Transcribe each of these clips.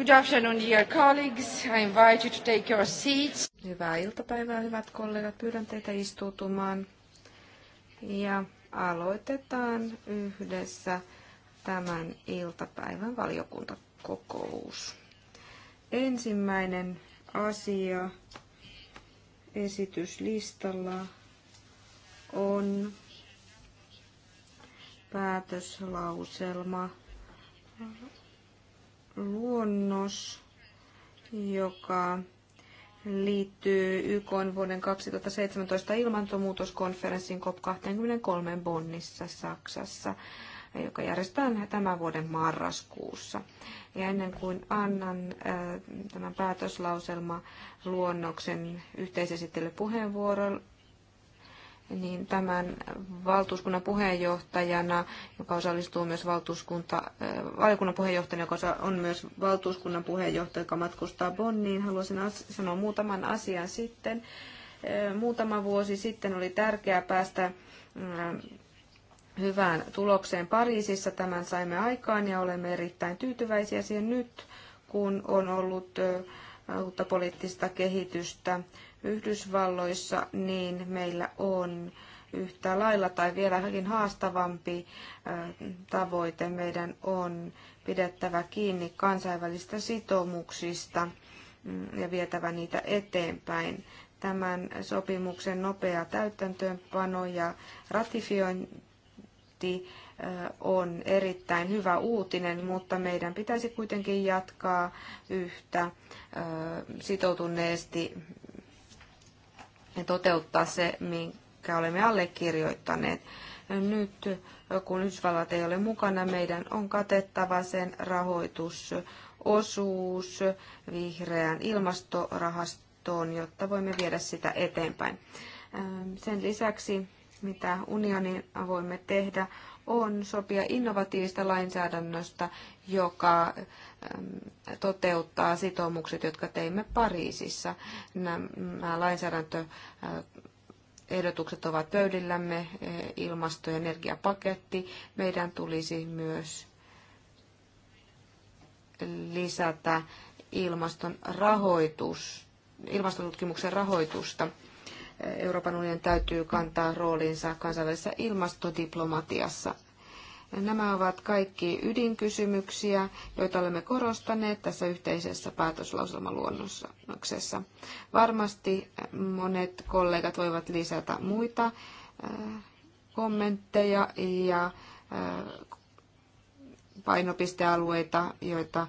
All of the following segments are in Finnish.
Good afternoon, dear colleagues. I invite you to take your seats. Hyvää iltapäivää, hyvät kollegat. Pyydän teitä istutumaan. Ja aloitetaan yhdessä tämän iltapäivän valiokuntakokous. Ensimmäinen asia esityslistalla on päätöslauselma luonnos, joka liittyy YK vuoden 2017 ilmantomuutoskonferenssin COP23 Bonnissa Saksassa, joka järjestetään tämän vuoden marraskuussa. Ja ennen kuin annan äh, tämän päätöslauselma luonnoksen yhteisesittelypuheenvuoron, niin tämän valtuuskunnan puheenjohtajana, joka osallistuu myös valtuuskunta, äh, valiokunnan puheenjohtajana, joka on myös valtuuskunnan puheenjohtaja, joka matkustaa Bonniin, haluaisin sanoa muutaman asian sitten. Äh, muutama vuosi sitten oli tärkeää päästä äh, hyvään tulokseen Pariisissa. Tämän saimme aikaan ja olemme erittäin tyytyväisiä siihen nyt, kun on ollut uutta poliittista kehitystä Yhdysvalloissa, niin meillä on yhtä lailla tai vieläkin haastavampi tavoite. Meidän on pidettävä kiinni kansainvälistä sitoumuksista mm, ja vietävä niitä eteenpäin. Tämän sopimuksen nopea täytäntöönpano ja ratifiointi on erittäin hyvä uutinen, mutta meidän pitäisi kuitenkin jatkaa yhtä sitoutuneesti ja niin toteuttaa se, minkä olemme allekirjoittaneet. Nyt kun Yhdysvallat ei ole mukana, meidän on katettava sen rahoitusosuus vihreään ilmastorahastoon, jotta voimme viedä sitä eteenpäin. Sen lisäksi, mitä unionin voimme tehdä, on sopia innovatiivista lainsäädännöstä, joka Ähm, toteuttaa sitoumukset, jotka teimme Pariisissa. Nämä lainsäädäntöehdotukset ovat pöydillämme, eh, ilmasto- ja energiapaketti. Meidän tulisi myös lisätä ilmaston rahoitus, ilmastotutkimuksen rahoitusta. Eh, Euroopan unionin täytyy kantaa roolinsa kansainvälisessä ilmastodiplomatiassa. Nämä ovat kaikki ydinkysymyksiä, joita olemme korostaneet tässä yhteisessä päätöslauselmaluonnoksessa. Varmasti monet kollegat voivat lisätä muita äh, kommentteja ja äh, painopistealueita, joita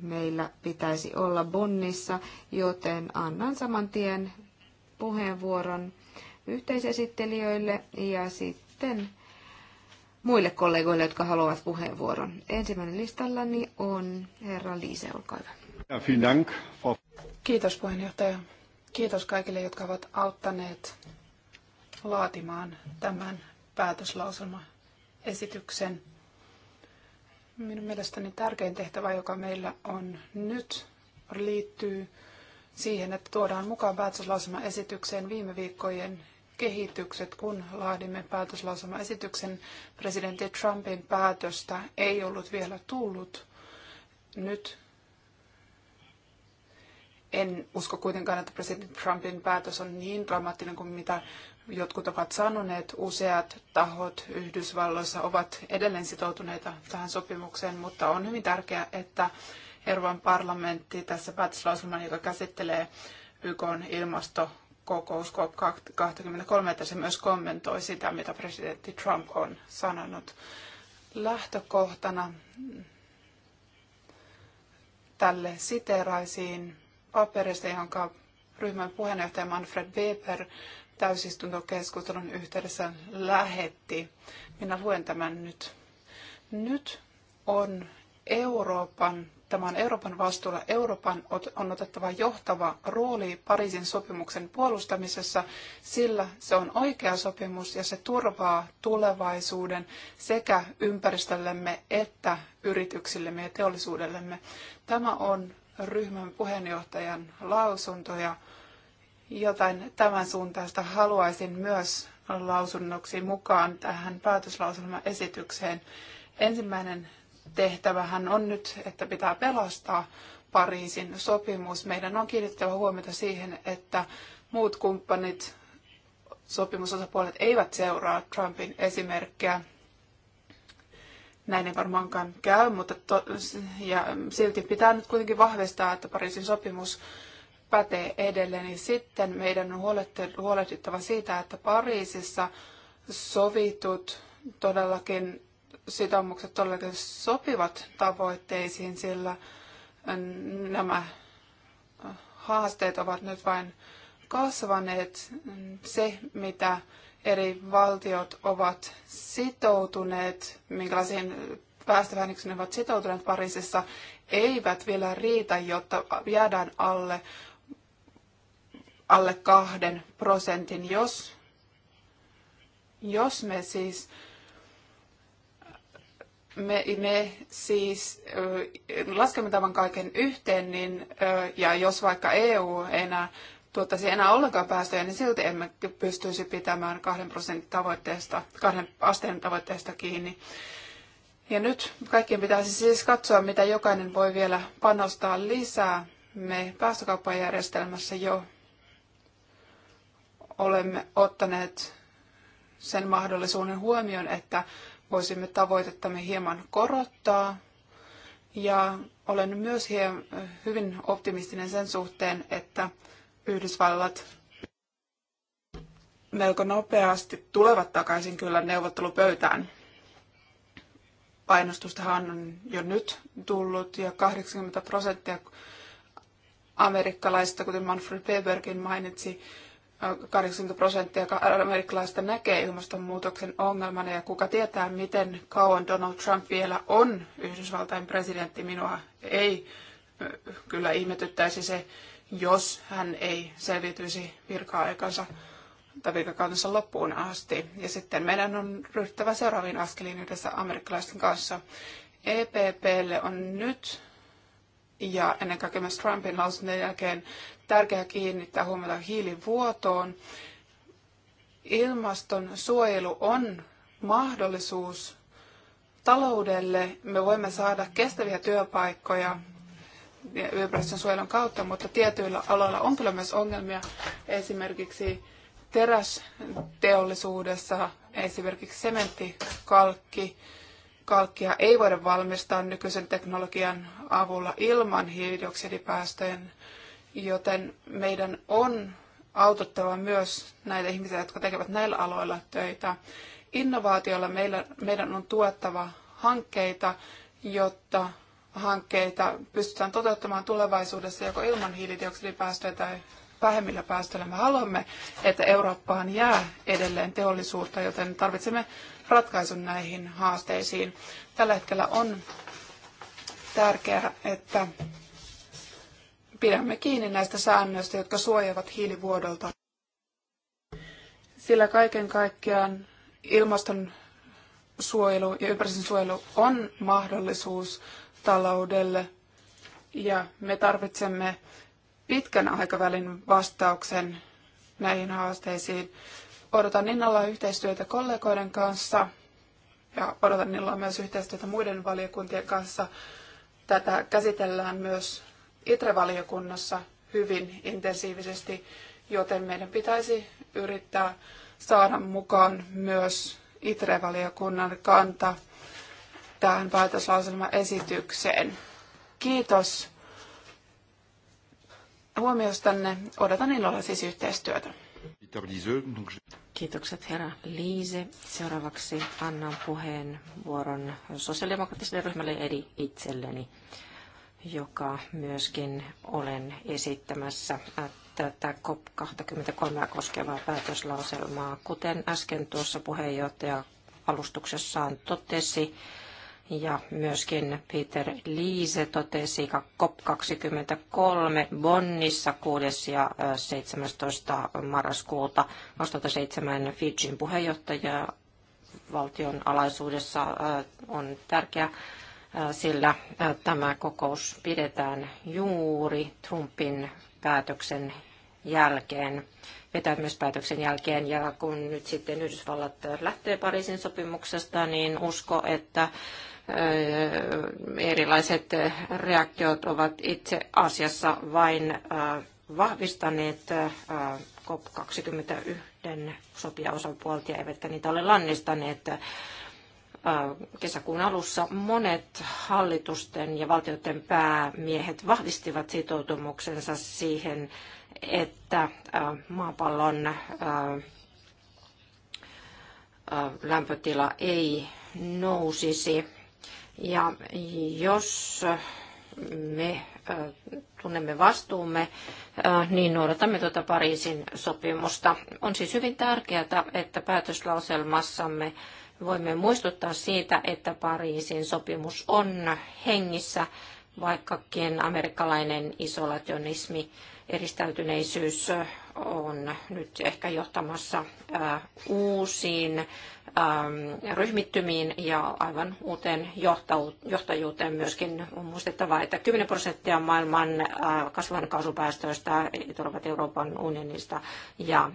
meillä pitäisi olla Bonnissa, joten annan saman tien puheenvuoron yhteisesittelijöille ja sitten muille kollegoille, jotka haluavat puheenvuoron. Ensimmäinen listallani on herra Liise, olkaa hyvä. Kiitos puheenjohtaja. Kiitos kaikille, jotka ovat auttaneet laatimaan tämän päätöslauselmaesityksen. Minun mielestäni tärkein tehtävä, joka meillä on nyt, liittyy siihen, että tuodaan mukaan päätöslauselmaesitykseen viime viikkojen kehitykset, kun laadimme päätöslauselmaesityksen. Presidentti Trumpin päätöstä ei ollut vielä tullut. Nyt en usko kuitenkaan, että presidentti Trumpin päätös on niin dramaattinen kuin mitä jotkut ovat sanoneet. Useat tahot Yhdysvalloissa ovat edelleen sitoutuneita tähän sopimukseen, mutta on hyvin tärkeää, että Euroopan parlamentti tässä päätöslauselman, joka käsittelee YK ilmasto kokous COP23, että se myös kommentoi sitä, mitä presidentti Trump on sanonut. Lähtökohtana tälle siteraisiin paperista, jonka ryhmän puheenjohtaja Manfred Weber täysistuntokeskustelun yhteydessä lähetti. Minä luen tämän nyt. Nyt on Euroopan Tämä on Euroopan vastuulla. Euroopan on otettava johtava rooli Pariisin sopimuksen puolustamisessa, sillä se on oikea sopimus ja se turvaa tulevaisuuden sekä ympäristöllemme että yrityksillemme ja teollisuudellemme. Tämä on ryhmän puheenjohtajan lausunto ja jotain tämän suuntaista haluaisin myös lausunnoksi mukaan tähän päätöslauselmaesitykseen. Ensimmäinen tehtävähän on nyt, että pitää pelastaa Pariisin sopimus. Meidän on kiinnitettävä huomiota siihen, että muut kumppanit, sopimusosapuolet eivät seuraa Trumpin esimerkkiä. Näin ei varmaankaan käy, mutta to, ja silti pitää nyt kuitenkin vahvistaa, että Pariisin sopimus pätee edelleen. Niin sitten meidän on huolehdittava siitä, että Pariisissa sovitut todellakin sitoumukset todellakin sopivat tavoitteisiin, sillä nämä haasteet ovat nyt vain kasvaneet. Se, mitä eri valtiot ovat sitoutuneet, minkälaisiin päästövähennyksiin ovat sitoutuneet Pariisissa, eivät vielä riitä, jotta jäädään alle, alle kahden prosentin, jos, jos me siis me, me siis laskemme tämän kaiken yhteen, niin, ja jos vaikka EU enää tuottaisi enää ollenkaan päästöjä, niin silti emme pystyisi pitämään kahden prosentin tavoitteesta, kahden asteen tavoitteesta kiinni. Ja nyt kaikkien pitäisi siis katsoa, mitä jokainen voi vielä panostaa lisää. Me päästökauppajärjestelmässä jo olemme ottaneet sen mahdollisuuden huomioon, että voisimme tavoitettamme hieman korottaa. Ja olen myös hyvin optimistinen sen suhteen, että Yhdysvallat melko nopeasti tulevat takaisin kyllä neuvottelupöytään. Painostustahan on jo nyt tullut ja 80 prosenttia amerikkalaisista, kuten Manfred Weberkin mainitsi, 80 prosenttia amerikkalaista näkee ilmastonmuutoksen ongelmana ja kuka tietää, miten kauan Donald Trump vielä on Yhdysvaltain presidentti, minua ei kyllä ihmetyttäisi se, jos hän ei selviytyisi virka-aikansa tai virkakautensa loppuun asti. Ja sitten meidän on ryhtävä seuraaviin askeliin yhdessä amerikkalaisten kanssa. EPPlle on nyt ja ennen kaikkea myös Trumpin lausunnon jälkeen tärkeää kiinnittää huomiota hiilivuotoon. Ilmaston suojelu on mahdollisuus taloudelle. Me voimme saada kestäviä työpaikkoja ympäristön suojelun kautta, mutta tietyillä aloilla on kyllä myös ongelmia. Esimerkiksi terästeollisuudessa, esimerkiksi sementtikalkki, kalkkia ei voida valmistaa nykyisen teknologian avulla ilman hiilidioksidipäästöjä, joten meidän on autettava myös näitä ihmisiä, jotka tekevät näillä aloilla töitä. Innovaatiolla meillä, meidän on tuettava hankkeita, jotta hankkeita pystytään toteuttamaan tulevaisuudessa joko ilman hiilidioksidipäästöjä tai vähemmillä päästöillä. Me haluamme, että Eurooppaan jää edelleen teollisuutta, joten tarvitsemme ratkaisun näihin haasteisiin. Tällä hetkellä on tärkeää, että pidämme kiinni näistä säännöistä, jotka suojaavat hiilivuodolta. Sillä kaiken kaikkiaan ilmaston suojelu ja ympäristön suojelu on mahdollisuus taloudelle ja me tarvitsemme pitkän aikavälin vastauksen näihin haasteisiin. Odotan innolla yhteistyötä kollegoiden kanssa ja odotan innolla myös yhteistyötä muiden valiokuntien kanssa. Tätä käsitellään myös ITRE-valiokunnassa hyvin intensiivisesti, joten meidän pitäisi yrittää saada mukaan myös ITRE-valiokunnan kanta tähän päätöslauselmaesitykseen. Kiitos huomiostanne. Odotan ilolla siis yhteistyötä. Kiitokset herra Liise. Seuraavaksi annan puheenvuoron sosiaalidemokraattiselle ryhmälle eli itselleni, joka myöskin olen esittämässä tätä COP23 koskevaa päätöslauselmaa. Kuten äsken tuossa puheenjohtaja alustuksessaan totesi, ja myöskin Peter Liise totesi COP23 Bonnissa 6. ja 17. marraskuuta 2007 Fijin puheenjohtaja valtion alaisuudessa on tärkeä, sillä tämä kokous pidetään juuri Trumpin päätöksen jälkeen, vetäytymispäätöksen jälkeen. Ja kun nyt sitten Yhdysvallat lähtee Pariisin sopimuksesta, niin usko, että Äh, erilaiset reaktiot ovat itse asiassa vain äh, vahvistaneet äh, COP21 sopijaosapuoltia, eivätkä niitä ole lannistaneet kesäkuun alussa monet hallitusten ja valtioiden päämiehet vahvistivat sitoutumuksensa siihen, että maapallon lämpötila ei nousisi ja jos me äh, tunnemme vastuumme, äh, niin noudatamme tuota Pariisin sopimusta. On siis hyvin tärkeää, että päätöslauselmassamme voimme muistuttaa siitä, että Pariisin sopimus on hengissä, vaikkakin amerikkalainen isolationismi, eristäytyneisyys on nyt ehkä johtamassa uusiin ryhmittymiin ja aivan uuteen johtajuuteen myöskin. On muistettava, että 10 prosenttia maailman kaasupäästöistä tulevat Euroopan unionista ja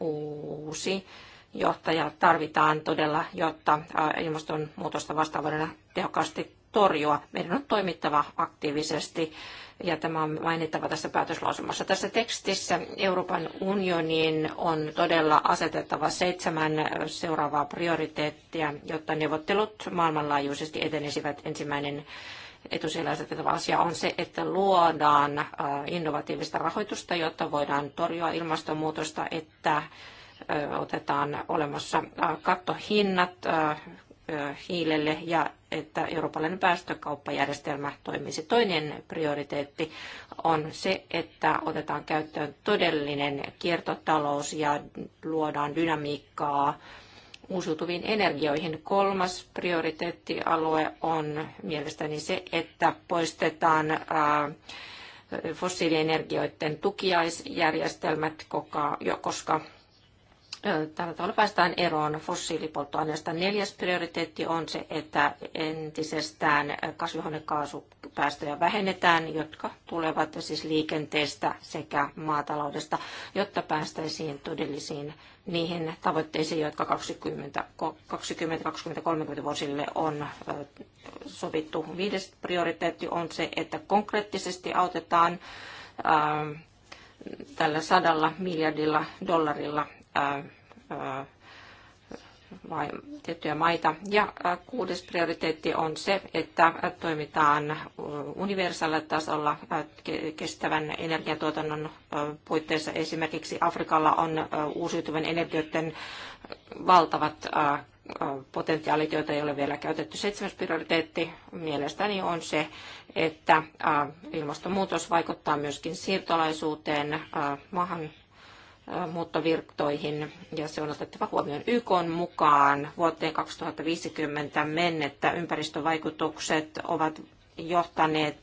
uusi johtaja tarvitaan todella, jotta ilmastonmuutosta vastaavuudena tehokkaasti torjua. Meidän on toimittava aktiivisesti ja tämä on mainittava tässä päätöslausumassa. Tässä tekstissä Euroopan unionin on todella asetettava seitsemän seuraavaa prioriteettia, jotta neuvottelut maailmanlaajuisesti etenisivät ensimmäinen asetettava asia on se, että luodaan äh, innovatiivista rahoitusta, jotta voidaan torjua ilmastonmuutosta, että äh, otetaan olemassa äh, kattohinnat hiilelle ja että eurooppalainen päästökauppajärjestelmä toimisi. Toinen prioriteetti on se, että otetaan käyttöön todellinen kiertotalous ja luodaan dynamiikkaa uusiutuviin energioihin. Kolmas prioriteettialue on mielestäni se, että poistetaan fossiilienergioiden tukiaisjärjestelmät, koska Tällä tavalla päästään eroon fossiilipolttoaineista. Neljäs prioriteetti on se, että entisestään kasvihuonekaasupäästöjä vähennetään, jotka tulevat siis liikenteestä sekä maataloudesta, jotta päästäisiin todellisiin niihin tavoitteisiin, jotka 20, 20, 20 30 vuosille on sovittu. Viides prioriteetti on se, että konkreettisesti autetaan tällä sadalla miljardilla dollarilla vai tiettyjä maita. Ja kuudes prioriteetti on se, että toimitaan universaalilla tasolla kestävän energiatuotannon puitteissa. Esimerkiksi Afrikalla on uusiutuvien energioiden valtavat potentiaalit, joita ei ole vielä käytetty. Seitsemäs prioriteetti mielestäni on se, että ilmastonmuutos vaikuttaa myöskin siirtolaisuuteen, maahan muuttovirtoihin ja se on otettava huomioon YK mukaan. Vuoteen 2050 mennettä ympäristövaikutukset ovat johtaneet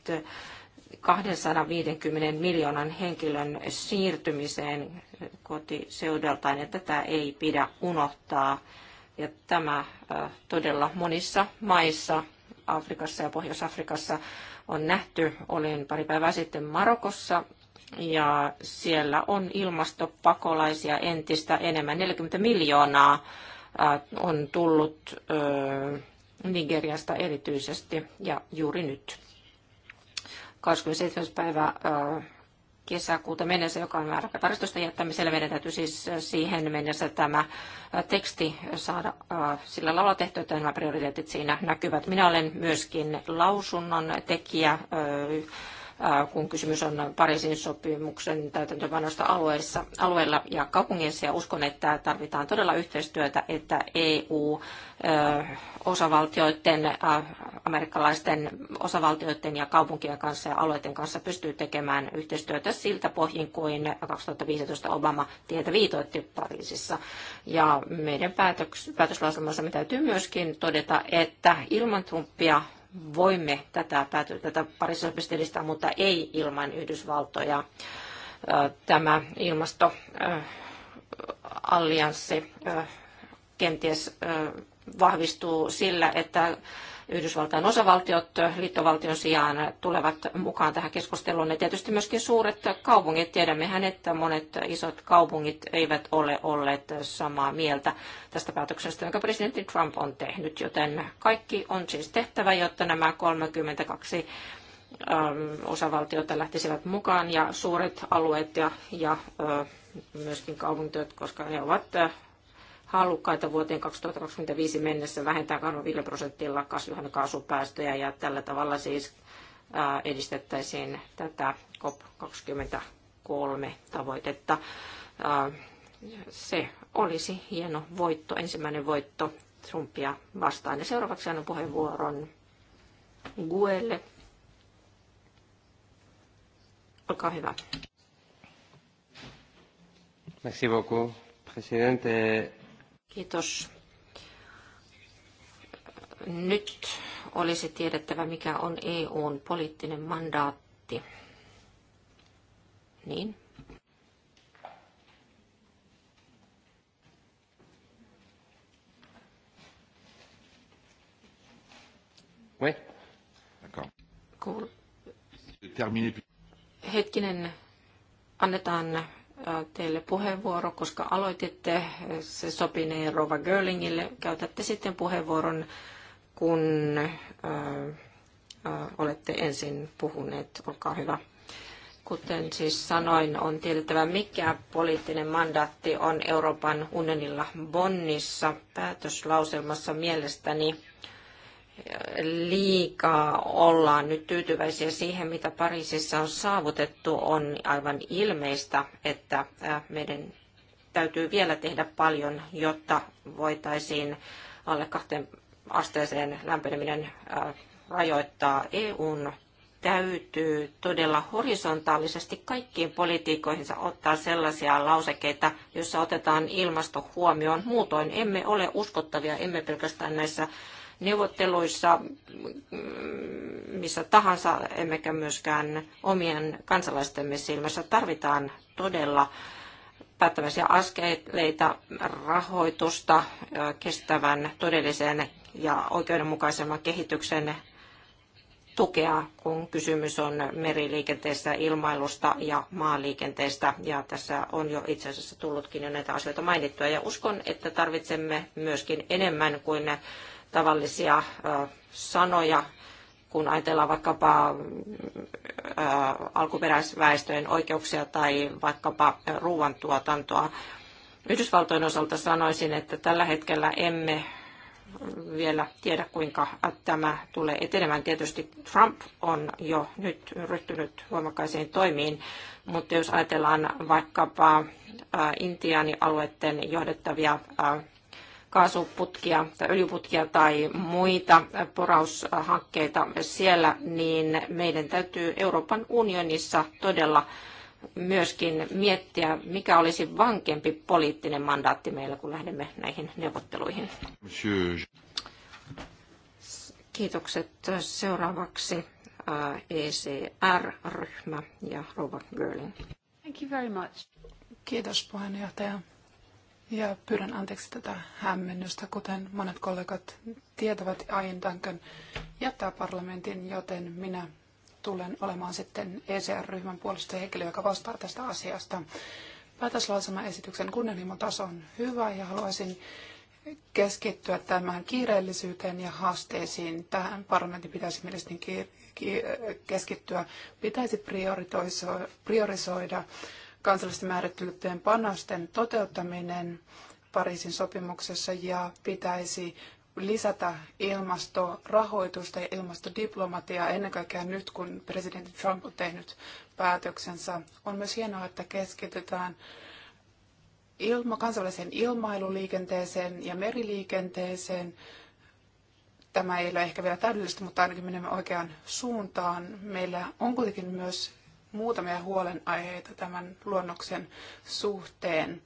250 miljoonan henkilön siirtymiseen kotiseudeltaan ja tätä ei pidä unohtaa. Ja tämä todella monissa maissa, Afrikassa ja Pohjois-Afrikassa on nähty. Olin pari päivää sitten Marokossa ja siellä on ilmastopakolaisia entistä enemmän. 40 miljoonaa on tullut Nigeriasta erityisesti ja juuri nyt. 27. päivä kesäkuuta mennessä, joka on määrä tarkistusta jättämiselle. Meidän täytyy siis siihen mennessä tämä teksti saada sillä lailla tehtyä, että nämä prioriteetit siinä näkyvät. Minä olen myöskin lausunnon tekijä kun kysymys on Pariisin sopimuksen täytäntöpanosta alueissa, alueilla ja kaupungeissa. Ja uskon, että tarvitaan todella yhteistyötä, että EU osavaltioiden, amerikkalaisten osavaltioiden ja kaupunkien kanssa ja alueiden kanssa pystyy tekemään yhteistyötä siltä pohjin kuin 2015 Obama tietä viitoitti Pariisissa. Ja meidän päätöslauselmassa me täytyy myöskin todeta, että ilman Trumpia voimme tätä, tätä Pariisin mutta ei ilman Yhdysvaltoja. Tämä ilmastoallianssi kenties vahvistuu sillä, että Yhdysvaltain osavaltiot liittovaltion sijaan tulevat mukaan tähän keskusteluun. Ja tietysti myöskin suuret kaupungit, tiedämmehän, että monet isot kaupungit eivät ole olleet samaa mieltä tästä päätöksestä, jonka presidentti Trump on tehnyt, joten kaikki on siis tehtävä, jotta nämä 32 ähm, osavaltiota lähtisivät mukaan ja suuret alueet ja, ja myöskin kaupungit, koska he ovat halukkaita vuoteen 2025 mennessä vähentää 25 prosentilla kasvihuonekaasupäästöjä ja tällä tavalla siis edistettäisiin tätä COP23 tavoitetta. Se olisi hieno voitto, ensimmäinen voitto Trumpia vastaan. Ja seuraavaksi annan puheenvuoron Guelle. Olkaa hyvä. Merci beaucoup, presidente. Kiitos. Nyt olisi tiedettävä, mikä on EUn poliittinen mandaatti. Niin. Oui. D'accord. Cool. Hetkinen, annetaan teille puheenvuoro, koska aloititte. Se sopinee niin Rova Görlingille. Käytätte sitten puheenvuoron, kun äh, äh, olette ensin puhuneet. Olkaa hyvä. Kuten siis sanoin, on tiedettävä, mikä poliittinen mandaatti on Euroopan unionilla Bonnissa päätöslauselmassa mielestäni liikaa ollaan nyt tyytyväisiä siihen, mitä Pariisissa on saavutettu, on aivan ilmeistä, että meidän täytyy vielä tehdä paljon, jotta voitaisiin alle kahteen asteeseen lämpeneminen rajoittaa. EUn täytyy todella horisontaalisesti kaikkiin politiikoihinsa ottaa sellaisia lausekkeita, joissa otetaan ilmasto huomioon. Muutoin emme ole uskottavia, emme pelkästään näissä neuvotteluissa mm, missä tahansa, emmekä myöskään omien kansalaistemme silmässä. Tarvitaan todella päättäväisiä askeleita, rahoitusta kestävän, todellisen ja oikeudenmukaisemman kehityksen tukea, kun kysymys on meriliikenteestä, ilmailusta ja maaliikenteestä. Ja tässä on jo itse asiassa tullutkin jo näitä asioita mainittua. Ja uskon, että tarvitsemme myöskin enemmän kuin tavallisia sanoja, kun ajatellaan vaikkapa alkuperäisväestöjen oikeuksia tai vaikkapa ruoantuotantoa. Yhdysvaltojen osalta sanoisin, että tällä hetkellä emme vielä tiedä, kuinka tämä tulee etenemään. Tietysti Trump on jo nyt ryhtynyt voimakkaisiin toimiin, mutta jos ajatellaan vaikkapa intiaanialueiden johdettavia kaasuputkia tai öljyputkia tai muita poraushankkeita siellä, niin meidän täytyy Euroopan unionissa todella myöskin miettiä, mikä olisi vankempi poliittinen mandaatti meillä, kun lähdemme näihin neuvotteluihin. Kiitokset. Seuraavaksi äh, ECR-ryhmä ja Robert Görling. Thank you very much. Kiitos puheenjohtaja. Ja pyydän anteeksi tätä hämmennystä, kuten monet kollegat tietävät, Ian Duncan jättää parlamentin, joten minä tulen olemaan sitten ECR-ryhmän puolesta henkilö, joka vastaa tästä asiasta. esityksen kunnianhimon taso on hyvä ja haluaisin keskittyä tämän kiireellisyyteen ja haasteisiin. Tähän parlamentin pitäisi mielestäni keskittyä. Pitäisi priorisoida kansallisesti määrittelyttyjen panosten toteuttaminen Pariisin sopimuksessa ja pitäisi lisätä ilmastorahoitusta ja ilmastodiplomatiaa ennen kaikkea nyt, kun presidentti Trump on tehnyt päätöksensä. On myös hienoa, että keskitytään ilma, kansainväliseen ilmailuliikenteeseen ja meriliikenteeseen. Tämä ei ole ehkä vielä täydellistä, mutta ainakin menemme oikeaan suuntaan. Meillä on kuitenkin myös muutamia huolenaiheita tämän luonnoksen suhteen.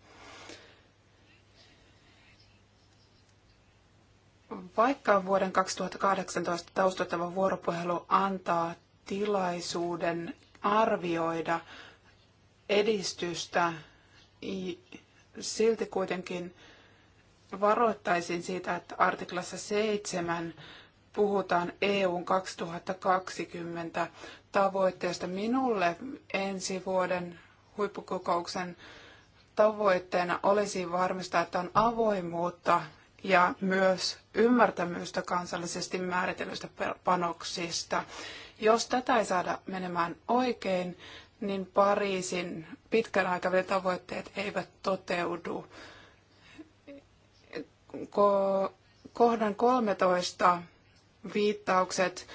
Vaikka vuoden 2018 taustoittava vuoropuhelu antaa tilaisuuden arvioida edistystä, silti kuitenkin varoittaisin siitä, että artiklassa 7 puhutaan EUn 2020 tavoitteesta. Minulle ensi vuoden huippukokouksen tavoitteena olisi varmistaa, että on avoimuutta ja myös ymmärtämystä kansallisesti määritellyistä panoksista. Jos tätä ei saada menemään oikein, niin Pariisin pitkän aikavälin tavoitteet eivät toteudu. kohdan 13 viittaukset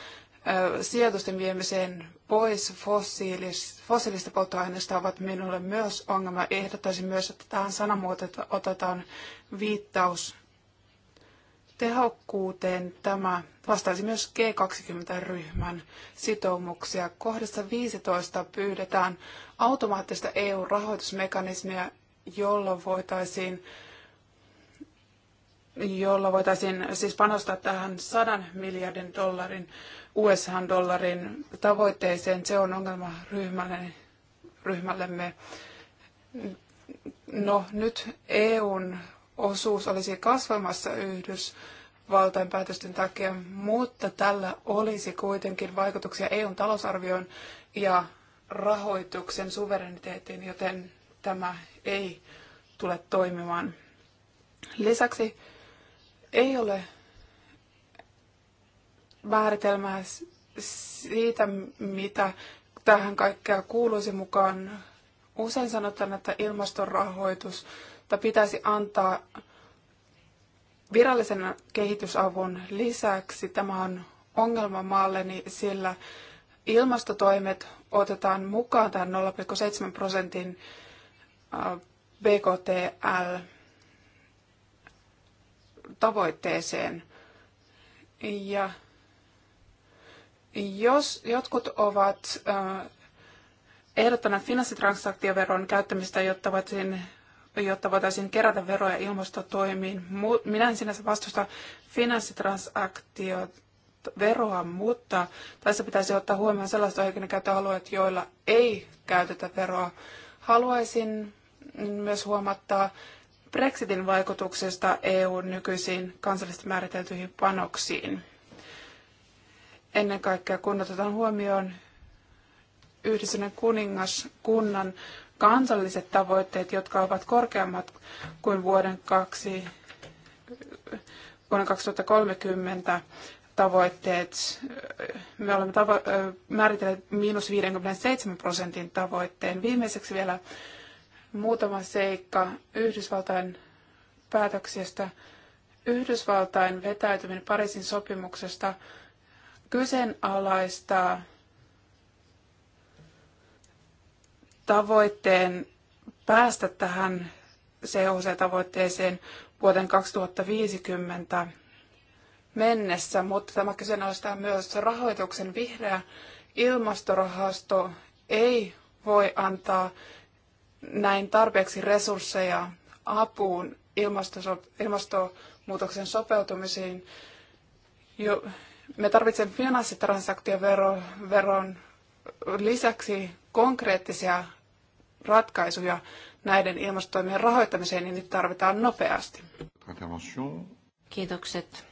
sijoitusten viemiseen pois fossiilis, fossiilista polttoaineista ovat minulle myös ongelma. Ehdottaisin myös, että tähän sanamuotoon otetaan viittaus tehokkuuteen. Tämä vastaisi myös G20-ryhmän sitoumuksia. Kohdassa 15 pyydetään automaattista EU-rahoitusmekanismia, jolla voitaisiin jolla voitaisiin siis panostaa tähän 100 miljardin dollarin US-dollarin tavoitteeseen. Se on ongelma ryhmällemme. No nyt EUn osuus olisi kasvamassa Yhdysvaltain päätösten takia, mutta tällä olisi kuitenkin vaikutuksia EUn talousarvioon ja rahoituksen suvereniteettiin, joten tämä ei tule toimimaan. Lisäksi ei ole määritelmää siitä, mitä tähän kaikkea kuuluisi mukaan. Usein sanotaan, että ilmastorahoitus pitäisi antaa virallisen kehitysavun lisäksi. Tämä on ongelma maalleni, sillä ilmastotoimet otetaan mukaan tähän 0,7 prosentin BKTL tavoitteeseen. Ja jos jotkut ovat äh, ehdottaneet finanssitransaktioveron käyttämistä, jotta voitaisiin, jotta voitaisiin kerätä veroja ilmastotoimiin, minä en sinänsä vastusta finanssitransaktioita veroa, mutta tässä pitäisi ottaa huomioon sellaiset oikeudenkäyttöalueet, joilla ei käytetä veroa. Haluaisin myös huomattaa, Brexitin vaikutuksesta EUn nykyisiin kansallisesti määriteltyihin panoksiin. Ennen kaikkea kun otetaan huomioon Yhdistyneen kuningaskunnan kansalliset tavoitteet, jotka ovat korkeammat kuin vuoden 2, vuonna 2030 tavoitteet. Me olemme tavo- määritelleet miinus 57 prosentin tavoitteen. Viimeiseksi vielä Muutama seikka Yhdysvaltain päätöksestä. Yhdysvaltain vetäytyminen Pariisin sopimuksesta kyseenalaistaa tavoitteen päästä tähän COC-tavoitteeseen vuoteen 2050 mennessä, mutta tämä kyseenalaistaa myös rahoituksen vihreä ilmastorahasto ei voi antaa näin tarpeeksi resursseja apuun ilmastonmuutoksen sopeutumisiin. Jo, me tarvitsemme finanssitransaktioveron lisäksi konkreettisia ratkaisuja näiden ilmastotoimien rahoittamiseen, niin niitä tarvitaan nopeasti. Kiitokset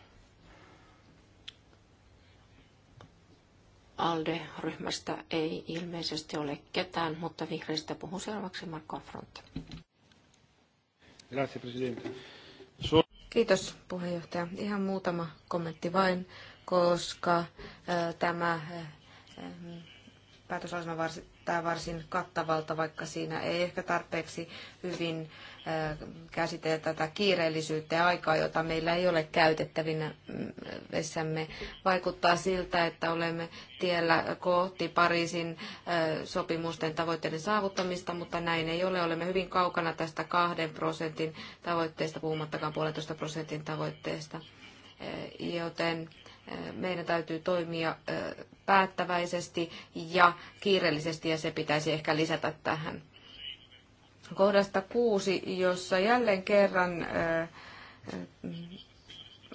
ALDE-ryhmästä ei ilmeisesti ole ketään, mutta vihreistä puhuu seuraavaksi Marko Affronta. Kiitos puheenjohtaja. Ihan muutama kommentti vain, koska tämä päätöslausuma varsin, varsin kattavalta, vaikka siinä ei ehkä tarpeeksi hyvin käsitellä tätä kiireellisyyttä ja aikaa, jota meillä ei ole käytettävinä vessämme. Mm, Vaikuttaa siltä, että olemme tiellä kohti Pariisin sopimusten tavoitteiden saavuttamista, mutta näin ei ole. Olemme hyvin kaukana tästä kahden prosentin tavoitteesta, puhumattakaan puolentoista prosentin tavoitteesta. Joten meidän täytyy toimia päättäväisesti ja kiireellisesti, ja se pitäisi ehkä lisätä tähän. Kohdasta kuusi, jossa jälleen kerran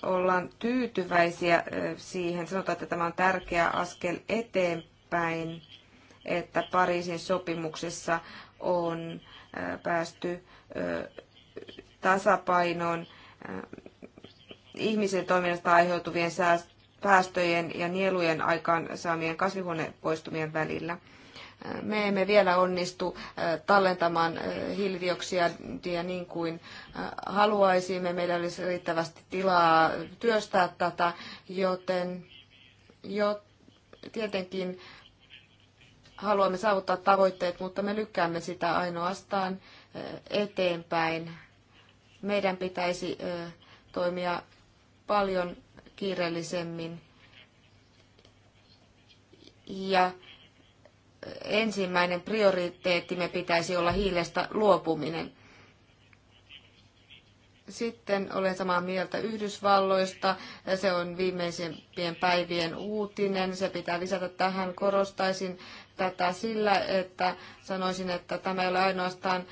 ollaan tyytyväisiä siihen, sanotaan, että tämä on tärkeä askel eteenpäin, että Pariisin sopimuksessa on päästy tasapainoon ihmisen toiminnasta aiheutuvien säästöjen päästöjen ja nielujen aikaan saamien kasvihuonepoistumien välillä. Me emme vielä onnistu äh, tallentamaan äh, hiilidioksidia niin kuin äh, haluaisimme. Meillä olisi riittävästi tilaa työstää tätä, joten jo tietenkin haluamme saavuttaa tavoitteet, mutta me lykkäämme sitä ainoastaan eteenpäin. Meidän pitäisi toimia paljon kiireellisemmin. Ja ensimmäinen prioriteettimme pitäisi olla hiilestä luopuminen. Sitten olen samaa mieltä Yhdysvalloista. Se on viimeisimpien päivien uutinen. Se pitää lisätä tähän. Korostaisin tätä sillä, että sanoisin, että tämä ei ole ainoastaan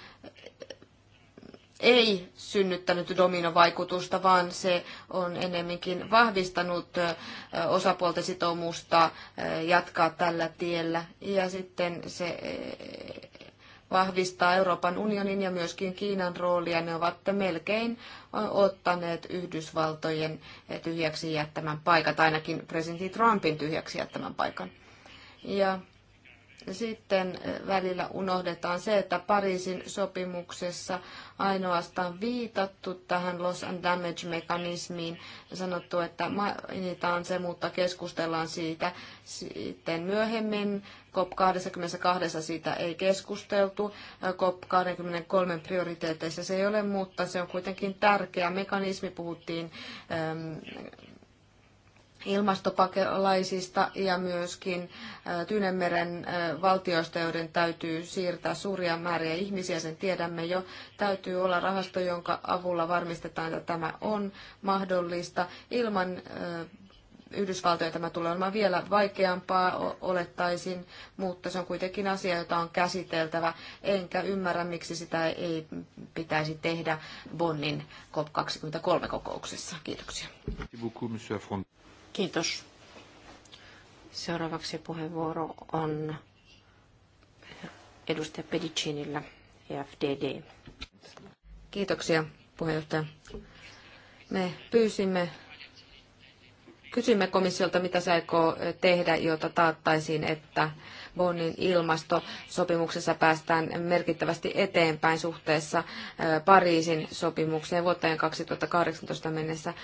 ei synnyttänyt dominovaikutusta, vaan se on enemminkin vahvistanut osapuolten sitoumusta jatkaa tällä tiellä. Ja sitten se vahvistaa Euroopan unionin ja myöskin Kiinan roolia. Ne ovat melkein ottaneet Yhdysvaltojen tyhjäksi jättämän tai ainakin presidentti Trumpin tyhjäksi jättämän paikan. Ja sitten eh, välillä unohdetaan se, että Pariisin sopimuksessa ainoastaan viitattu tähän loss and damage-mekanismiin ja sanottu, että mainitaan se, mutta keskustellaan siitä sitten myöhemmin. COP22 siitä ei keskusteltu, COP23 prioriteeteissa se ei ole, mutta se on kuitenkin tärkeä mekanismi. Puhuttiin ilmastopakolaisista ja myöskin Tyynemeren valtioista, joiden täytyy siirtää suuria määriä ihmisiä, sen tiedämme jo. Täytyy olla rahasto, jonka avulla varmistetaan, että tämä on mahdollista. Ilman Yhdysvaltoja tämä tulee olemaan vielä vaikeampaa, olettaisin, mutta se on kuitenkin asia, jota on käsiteltävä, enkä ymmärrä, miksi sitä ei pitäisi tehdä Bonnin COP23 kokouksessa. Kiitoksia. Kiitos. Seuraavaksi puheenvuoro on edustaja Pedicinillä ja e FDD. Kiitoksia puheenjohtaja. Me pyysimme, kysymme komissiolta, mitä se aikoo tehdä, jota taattaisiin, että Bonnin ilmastosopimuksessa päästään merkittävästi eteenpäin suhteessa Pariisin sopimukseen vuoteen 2018 mennessä.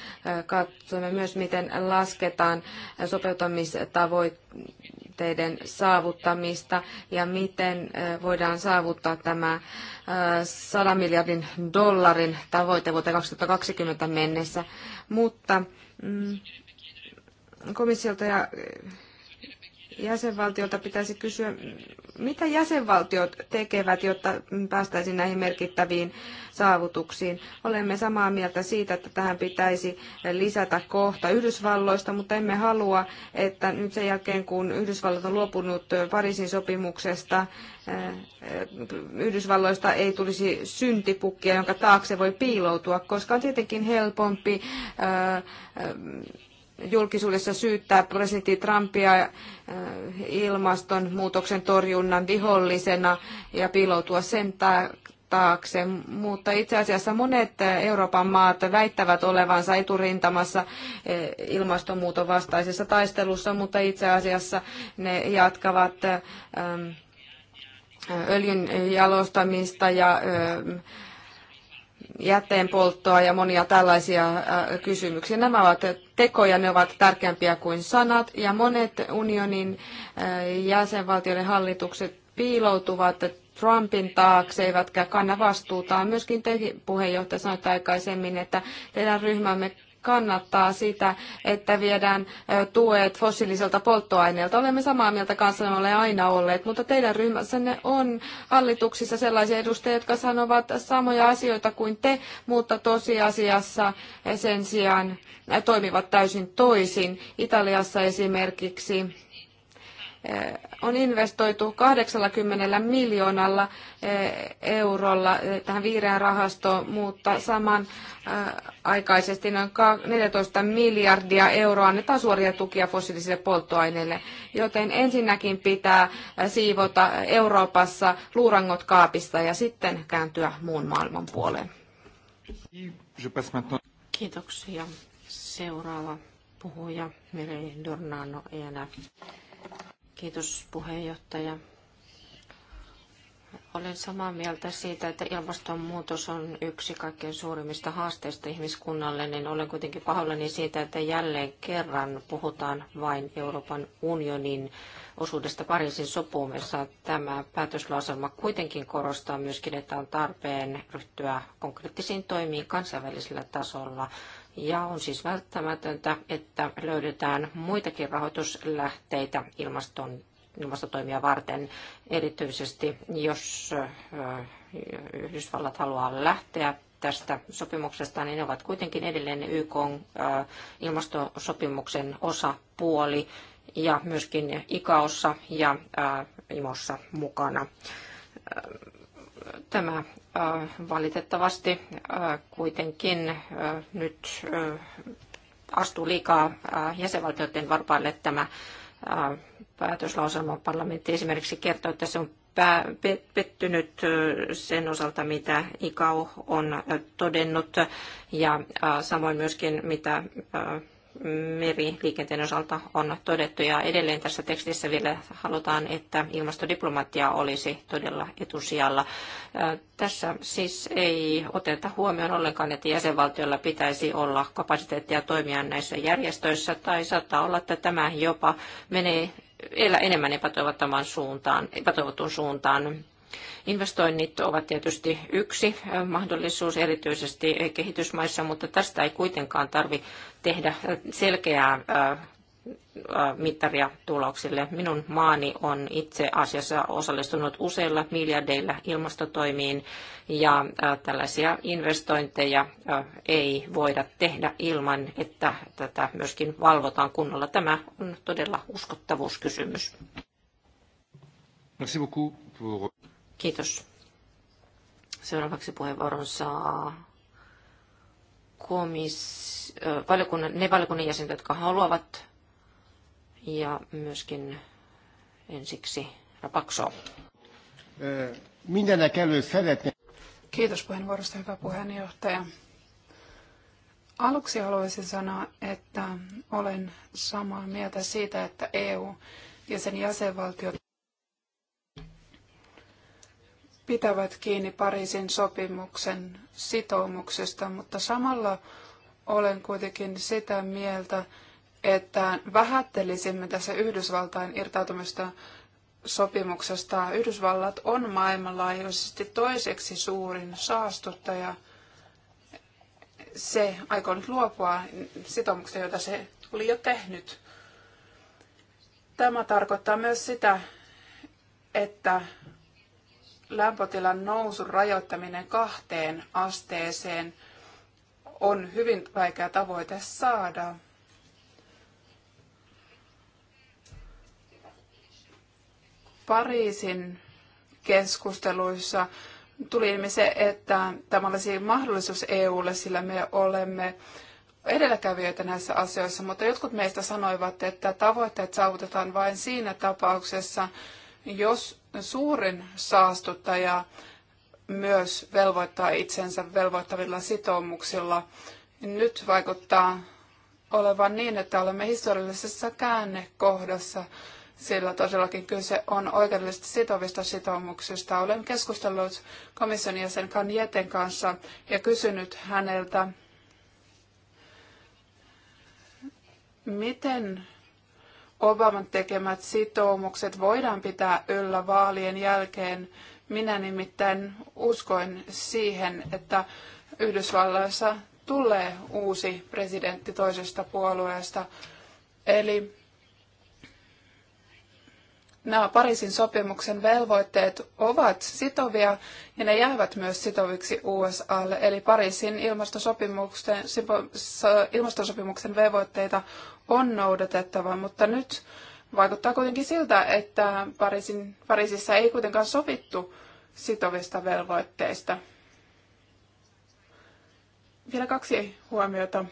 Katsomme myös, miten lasketaan sopeutumistavoitteiden saavuttamista ja miten voidaan saavuttaa tämä 100 miljardin dollarin tavoite vuoteen 2020 mennessä. Mutta mm, komissiolta ja jäsenvaltiolta pitäisi kysyä, mitä jäsenvaltiot tekevät, jotta päästäisiin näihin merkittäviin saavutuksiin. Olemme samaa mieltä siitä, että tähän pitäisi lisätä kohta Yhdysvalloista, mutta emme halua, että nyt sen jälkeen kun Yhdysvallat on luopunut Pariisin sopimuksesta, eh, Yhdysvalloista ei tulisi syntipukkia, jonka taakse voi piiloutua, koska on tietenkin helpompi eh, eh, julkisuudessa syyttää presidentti Trumpia äh, ilmastonmuutoksen torjunnan vihollisena ja piiloutua sen taakse. Mutta itse asiassa monet Euroopan maat väittävät olevansa eturintamassa äh, ilmastonmuuton vastaisessa taistelussa, mutta itse asiassa ne jatkavat äh, öljyn jalostamista ja jätteenpolttoa ja monia tällaisia kysymyksiä. Nämä ovat tekoja, ne ovat tärkeämpiä kuin sanat, ja monet unionin eh, jäsenvaltioiden hallitukset piiloutuvat Trumpin taakse, eivätkä kanna vastuutaan. Myöskin te puheenjohtaja sanoitte aikaisemmin, että teidän ryhmämme kannattaa sitä, että viedään tuet fossiiliselta polttoaineelta. Olemme samaa mieltä kanssanne, olemme aina olleet, mutta teidän ryhmässänne on hallituksissa sellaisia edustajia, jotka sanovat samoja asioita kuin te, mutta tosiasiassa sen sijaan toimivat täysin toisin. Italiassa esimerkiksi Eh, on investoitu 80 miljoonalla eh, eurolla eh, tähän vihreään rahastoon, mutta saman aikaisesti noin 14 miljardia euroa annetaan suoria tukia fossiilisille polttoaineille. Joten ensinnäkin pitää siivota Euroopassa luurangot kaapista ja sitten kääntyä muun maailman puoleen. Kiitoksia. Seuraava puhuja Mireille Dornano, ENF. Kiitos puheenjohtaja. Olen samaa mieltä siitä, että ilmastonmuutos on yksi kaikkein suurimmista haasteista ihmiskunnalle, niin olen kuitenkin pahoillani siitä, että jälleen kerran puhutaan vain Euroopan unionin osuudesta Pariisin sopumessa. Tämä päätöslauselma kuitenkin korostaa myöskin, että on tarpeen ryhtyä konkreettisiin toimiin kansainvälisellä tasolla ja on siis välttämätöntä, että löydetään muitakin rahoituslähteitä ilmaston ilmastotoimia varten, erityisesti jos äh, Yhdysvallat haluaa lähteä tästä sopimuksesta, niin ne ovat kuitenkin edelleen YK äh, ilmastosopimuksen osapuoli ja myöskin IKAOssa ja äh, IMOssa mukana tämä äh, valitettavasti äh, kuitenkin äh, nyt astuu liikaa jäsenvaltioiden varpaille tämä päätöslauselma. Parlamentti esimerkiksi kertoo, että se on pettynyt sen osalta, mitä ICAO on todennut ja samoin myöskin mitä meriliikenteen osalta on todettu. Ja edelleen tässä tekstissä vielä halutaan, että ilmastodiplomatia olisi todella etusijalla. Tässä siis ei oteta huomioon ollenkaan, että jäsenvaltioilla pitäisi olla kapasiteettia toimia näissä järjestöissä, tai saattaa olla, että tämä jopa menee enemmän epätoivottamaan suuntaan, epätoivottuun suuntaan Investoinnit ovat tietysti yksi mahdollisuus erityisesti kehitysmaissa, mutta tästä ei kuitenkaan tarvi tehdä selkeää mittaria tuloksille. Minun maani on itse asiassa osallistunut useilla miljardeilla ilmastotoimiin ja tällaisia investointeja ei voida tehdä ilman, että tätä myöskin valvotaan kunnolla. Tämä on todella uskottavuuskysymys. Merci beaucoup pour... Kiitos. Seuraavaksi puheenvuoron saa komis, valiokunnan, ne valiokunnan jäsenet, jotka haluavat, ja myöskin ensiksi Rapakso. Minä előtt szeretném. Kiitos puheenvuorosta, hyvä puheenjohtaja. Aluksi haluaisin sanoa, että olen samaa mieltä siitä, että EU ja sen jäsenvaltiot pitävät kiinni Pariisin sopimuksen sitoumuksesta, mutta samalla olen kuitenkin sitä mieltä, että vähättelisimme tässä Yhdysvaltain irtautumista sopimuksesta. Yhdysvallat on maailmanlaajuisesti toiseksi suurin saastuttaja. Se aikoo nyt luopua sitoumuksesta, jota se oli jo tehnyt. Tämä tarkoittaa myös sitä, että lämpötilan nousun rajoittaminen kahteen asteeseen on hyvin vaikea tavoite saada. Pariisin keskusteluissa tuli ilmi se, että tämä olisi mahdollisuus EUlle, sillä me olemme edelläkävijöitä näissä asioissa, mutta jotkut meistä sanoivat, että tavoitteet saavutetaan vain siinä tapauksessa, jos suurin saastuttaja myös velvoittaa itsensä velvoittavilla sitoumuksilla, niin nyt vaikuttaa olevan niin, että olemme historiallisessa käännekohdassa, sillä todellakin kyse on oikeudellisesti sitovista sitoumuksista. Olen keskustellut komission jäsen Kanjeten kanssa ja kysynyt häneltä, miten Obaman tekemät sitoumukset voidaan pitää yllä vaalien jälkeen. Minä nimittäin uskoin siihen, että Yhdysvalloissa tulee uusi presidentti toisesta puolueesta. Eli nämä Pariisin sopimuksen velvoitteet ovat sitovia ja ne jäävät myös sitoviksi USAlle. Eli Pariisin ilmastosopimuksen, ilmastosopimuksen velvoitteita on noudatettava, mutta nyt vaikuttaa kuitenkin siltä, että Pariisin, Pariisissa ei kuitenkaan sovittu sitovista velvoitteista. Vielä kaksi huomiota.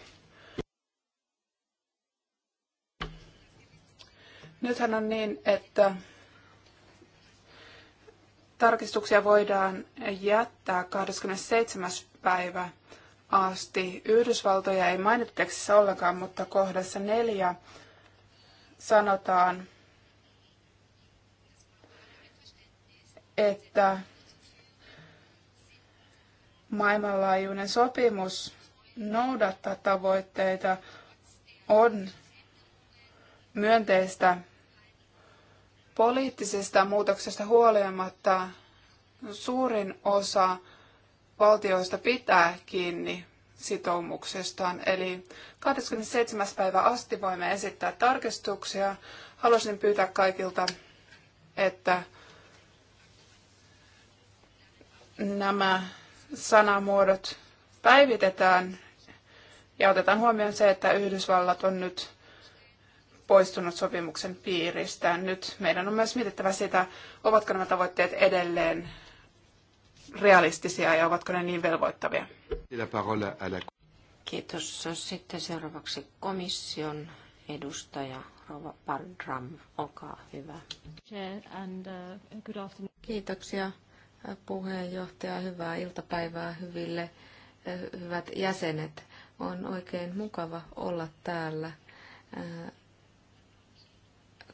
Nythän on niin, että tarkistuksia voidaan jättää 27. päivä asti. Yhdysvaltoja ei mainittu tekstissä ollenkaan, mutta kohdassa neljä sanotaan, että maailmanlaajuinen sopimus noudattaa tavoitteita on myönteistä poliittisesta muutoksesta huolimatta suurin osa valtioista pitää kiinni sitoumuksestaan. Eli 27. päivä asti voimme esittää tarkistuksia. Haluaisin pyytää kaikilta, että nämä sanamuodot päivitetään ja otetaan huomioon se, että Yhdysvallat on nyt poistunut sopimuksen piiristä. Nyt meidän on myös mietittävä sitä, ovatko nämä tavoitteet edelleen realistisia ja ovatko ne niin velvoittavia? Kiitos. Sitten seuraavaksi komission edustaja Rova Pardram, olkaa hyvä. Uh, Kiitoksia puheenjohtaja, hyvää iltapäivää hyville eh, hyvät jäsenet. On oikein mukava olla täällä eh,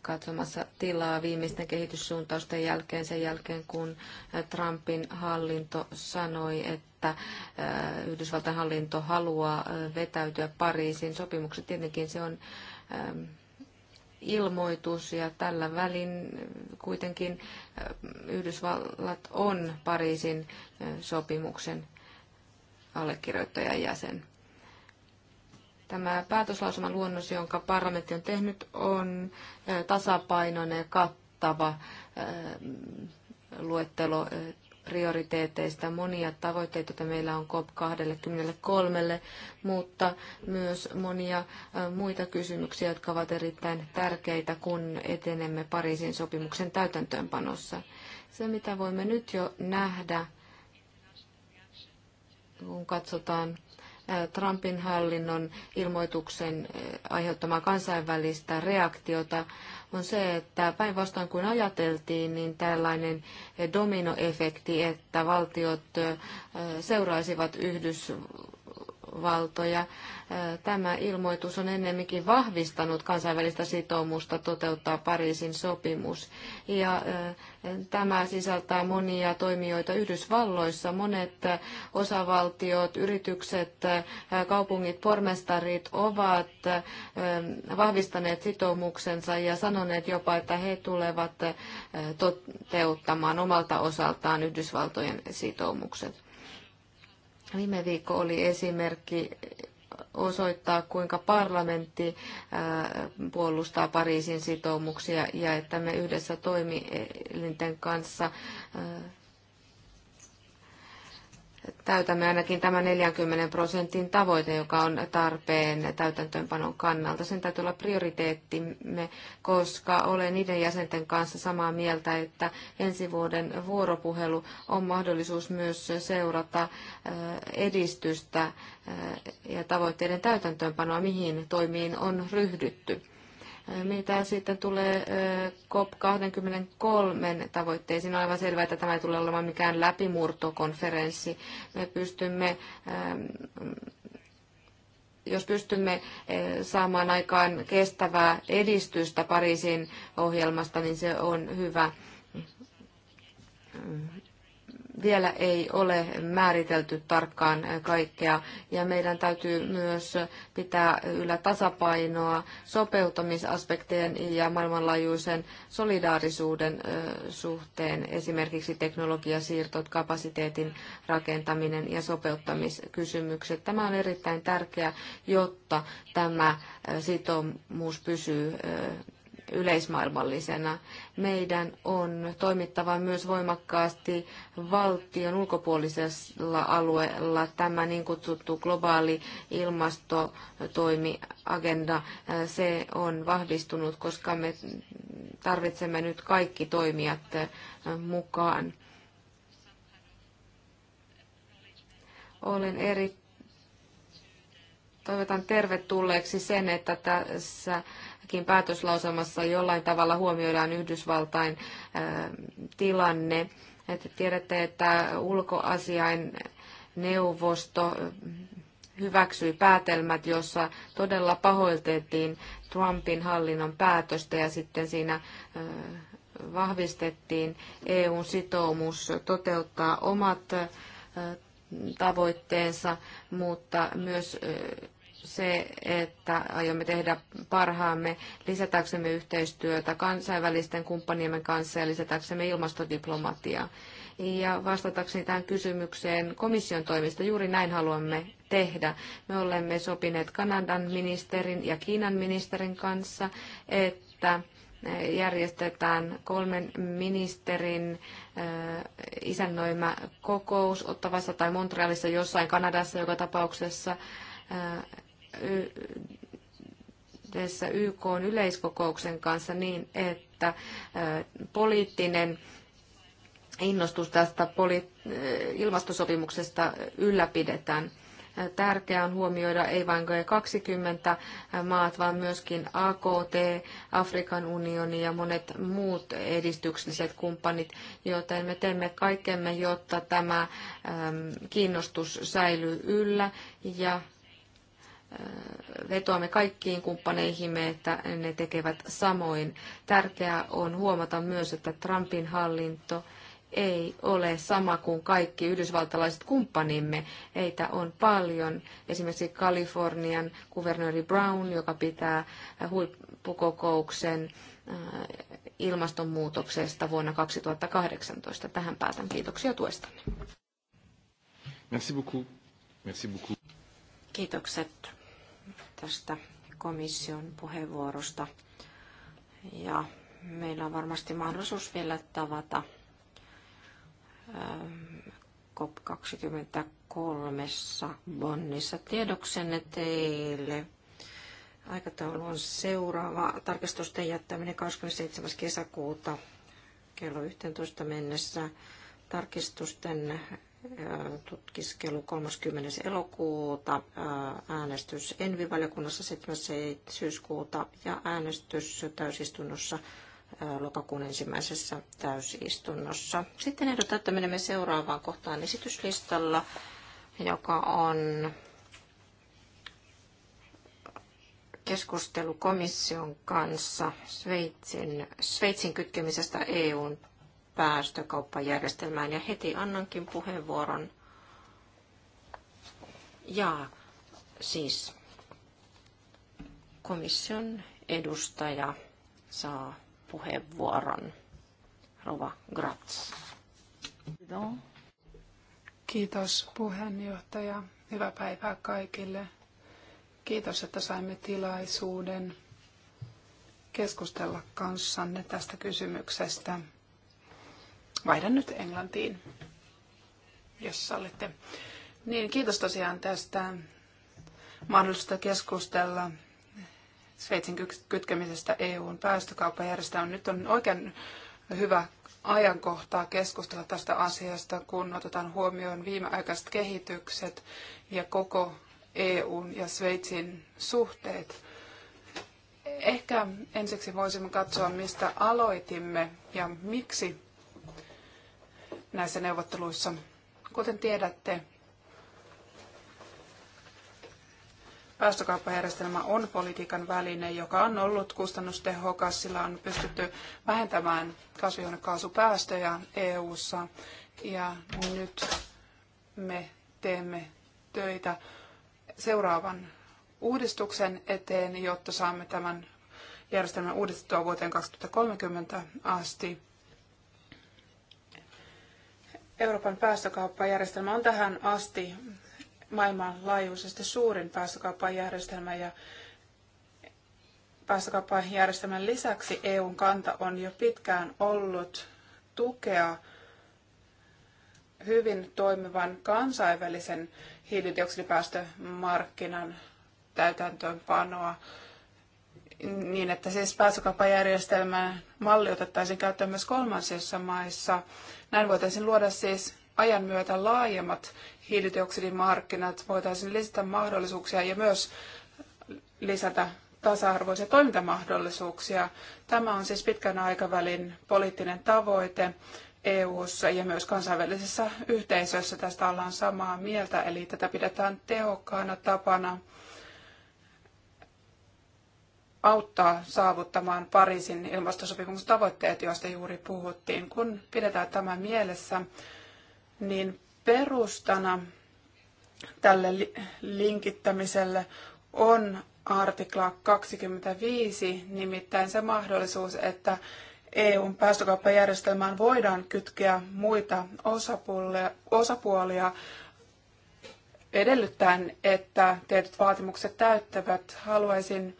katsomassa tilaa viimeisten kehityssuuntausten jälkeen, sen jälkeen kun äh, Trumpin hallinto sanoi, että äh, Yhdysvaltain hallinto haluaa äh, vetäytyä Pariisin sopimukset. Tietenkin se on ähm, ilmoitus ja tällä välin kuitenkin Yhdysvallat on Pariisin sopimuksen allekirjoittajan jäsen. Tämä päätöslausuman luonnos, jonka parlamentti on tehnyt, on tasapainoinen ja kattava luettelo prioriteeteista monia tavoitteita, joita meillä on COP23, mutta myös monia muita kysymyksiä, jotka ovat erittäin tärkeitä, kun etenemme Pariisin sopimuksen täytäntöönpanossa. Se, mitä voimme nyt jo nähdä, kun katsotaan Trumpin hallinnon ilmoituksen aiheuttamaa kansainvälistä reaktiota on se, että päinvastoin kuin ajateltiin, niin tällainen dominoefekti, että valtiot seuraisivat Yhdysvaltoja, valtoja Tämä ilmoitus on ennemminkin vahvistanut kansainvälistä sitoumusta toteuttaa Pariisin sopimus. Ja tämä sisältää monia toimijoita Yhdysvalloissa. Monet osavaltiot, yritykset, kaupungit, pormestarit ovat vahvistaneet sitoumuksensa ja sanoneet jopa, että he tulevat toteuttamaan omalta osaltaan Yhdysvaltojen sitoumukset Viime viikko oli esimerkki osoittaa, kuinka parlamentti puolustaa Pariisin sitoumuksia ja että me yhdessä toimielinten kanssa täytämme ainakin tämän 40 prosentin tavoite, joka on tarpeen täytäntöönpanon kannalta. Sen täytyy olla prioriteettimme, koska olen niiden jäsenten kanssa samaa mieltä, että ensi vuoden vuoropuhelu on mahdollisuus myös seurata eh, edistystä eh, ja tavoitteiden täytäntöönpanoa, mihin toimiin on ryhdytty. Mitä sitten tulee COP23 tavoitteisiin, on aivan selvää, että tämä ei tule olemaan mikään läpimurtokonferenssi. Me pystymme jos pystymme saamaan aikaan kestävää edistystä Pariisin ohjelmasta, niin se on hyvä vielä ei ole määritelty tarkkaan kaikkea ja meidän täytyy myös pitää yllä tasapainoa sopeutumisaspektien ja maailmanlaajuisen solidaarisuuden suhteen, esimerkiksi teknologiasiirtot, kapasiteetin rakentaminen ja sopeuttamiskysymykset. Tämä on erittäin tärkeää, jotta tämä sitoumus pysyy yleismaailmallisena. Meidän on toimittava myös voimakkaasti valtion ulkopuolisella alueella tämä niin kutsuttu globaali ilmastotoimiagenda. Se on vahvistunut, koska me tarvitsemme nyt kaikki toimijat mukaan. Olen eri toivotan tervetulleeksi sen, että tässä tässäkin päätöslauselmassa jollain tavalla huomioidaan Yhdysvaltain tilanne. Että tiedätte, että ulkoasiain neuvosto hyväksyi päätelmät, jossa todella pahoiteltiin Trumpin hallinnon päätöstä ja sitten siinä vahvistettiin EUn sitoumus toteuttaa omat tavoitteensa, mutta myös se, että aiomme tehdä parhaamme lisätäksemme yhteistyötä kansainvälisten kumppaniemme kanssa ja lisätäksemme ilmastodiplomatiaa. Ja vastatakseni tähän kysymykseen komission toimista, juuri näin haluamme tehdä. Me olemme sopineet Kanadan ministerin ja Kiinan ministerin kanssa, että järjestetään kolmen ministerin äh, isännöimä kokous Ottavassa tai Montrealissa jossain Kanadassa joka tapauksessa äh, yhdessä YK yleiskokouksen kanssa niin, että poliittinen innostus tästä ilmastosopimuksesta ylläpidetään. Tärkeää on huomioida ei vain G20 maat, vaan myöskin AKT, Afrikan unioni ja monet muut edistykselliset kumppanit, joten me teemme kaikkemme, jotta tämä kiinnostus säilyy yllä ja vetoamme kaikkiin kumppaneihimme, että ne tekevät samoin. Tärkeää on huomata myös, että Trumpin hallinto ei ole sama kuin kaikki yhdysvaltalaiset kumppanimme. Heitä on paljon. Esimerkiksi Kalifornian kuvernööri Brown, joka pitää huippukokouksen äh, ilmastonmuutoksesta vuonna 2018. Tähän päätän. Kiitoksia tuestanne. Merci beaucoup. Merci beaucoup. Kiitokset tästä komission puheenvuorosta. Ja meillä on varmasti mahdollisuus vielä tavata ähm, COP23 Bonnissa. Tiedoksenne teille. Aikataulu on seuraava. Tarkistusten jättäminen 27. kesäkuuta kello 11 mennessä. Tarkistusten tutkiskelu 30. elokuuta, äänestys Envi-valiokunnassa 7. syyskuuta ja äänestys täysistunnossa lokakuun ensimmäisessä täysistunnossa. Sitten ehdotan, että menemme seuraavaan kohtaan esityslistalla, joka on keskustelu komission kanssa Sveitsin, Sveitsin kytkemisestä EUn päästökauppajärjestelmään. Ja heti annankin puheenvuoron. Ja siis komission edustaja saa puheenvuoron. Rova Gratz. Kiitos puheenjohtaja. Hyvää päivää kaikille. Kiitos, että saimme tilaisuuden keskustella kanssanne tästä kysymyksestä. Vaihdan nyt englantiin, jos sallitte. Niin, kiitos tosiaan tästä mahdollisuudesta keskustella Sveitsin kytkemisestä EUn päästökauppajärjestelmään. Nyt on oikein hyvä ajankohtaa keskustella tästä asiasta, kun otetaan huomioon viimeaikaiset kehitykset ja koko EUn ja Sveitsin suhteet. Ehkä ensiksi voisimme katsoa, mistä aloitimme ja miksi näissä neuvotteluissa. Kuten tiedätte, päästökauppajärjestelmä on politiikan väline, joka on ollut kustannustehokas. Sillä on pystytty vähentämään kasvihuonekaasupäästöjä EU-ssa. Ja nyt me teemme töitä seuraavan uudistuksen eteen, jotta saamme tämän järjestelmän uudistettua vuoteen 2030 asti. Euroopan päästökauppajärjestelmä on tähän asti maailmanlaajuisesti suurin päästökauppajärjestelmä ja päästökauppajärjestelmän lisäksi EUn kanta on jo pitkään ollut tukea hyvin toimivan kansainvälisen hiilidioksidipäästömarkkinan täytäntöönpanoa niin, että siis päästökauppajärjestelmän malli otettaisiin käyttöön myös kolmansissa maissa. Näin voitaisiin luoda siis ajan myötä laajemmat hiilidioksidimarkkinat, voitaisiin lisätä mahdollisuuksia ja myös lisätä tasa-arvoisia toimintamahdollisuuksia. Tämä on siis pitkän aikavälin poliittinen tavoite EU:ssa ja myös kansainvälisessä yhteisössä tästä ollaan samaa mieltä, eli tätä pidetään tehokkaana tapana auttaa saavuttamaan Pariisin ilmastosopimuksen tavoitteet, joista juuri puhuttiin. Kun pidetään tämä mielessä, niin perustana tälle linkittämiselle on artikla 25, nimittäin se mahdollisuus, että EUn päästökauppajärjestelmään voidaan kytkeä muita osapuolia, osapuolia edellyttäen, että tietyt vaatimukset täyttävät. Haluaisin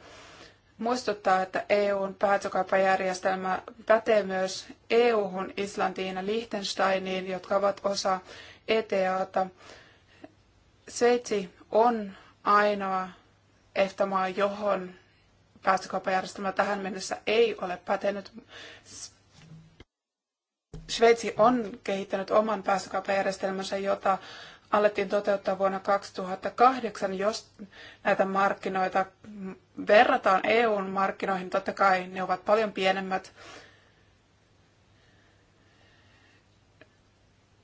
muistuttaa, että EUn päästökauppajärjestelmä pätee myös EU-hun, Islantiin ja Liechtensteiniin, jotka ovat osa ETAta. Sveitsi on ainoa EFTA-maa, johon päästökauppajärjestelmä tähän mennessä ei ole pätenyt. Sveitsi on kehittänyt oman päästökauppajärjestelmänsä, jota alettiin toteuttaa vuonna 2008. Jos näitä markkinoita verrataan EUn markkinoihin, totta kai ne ovat paljon pienemmät.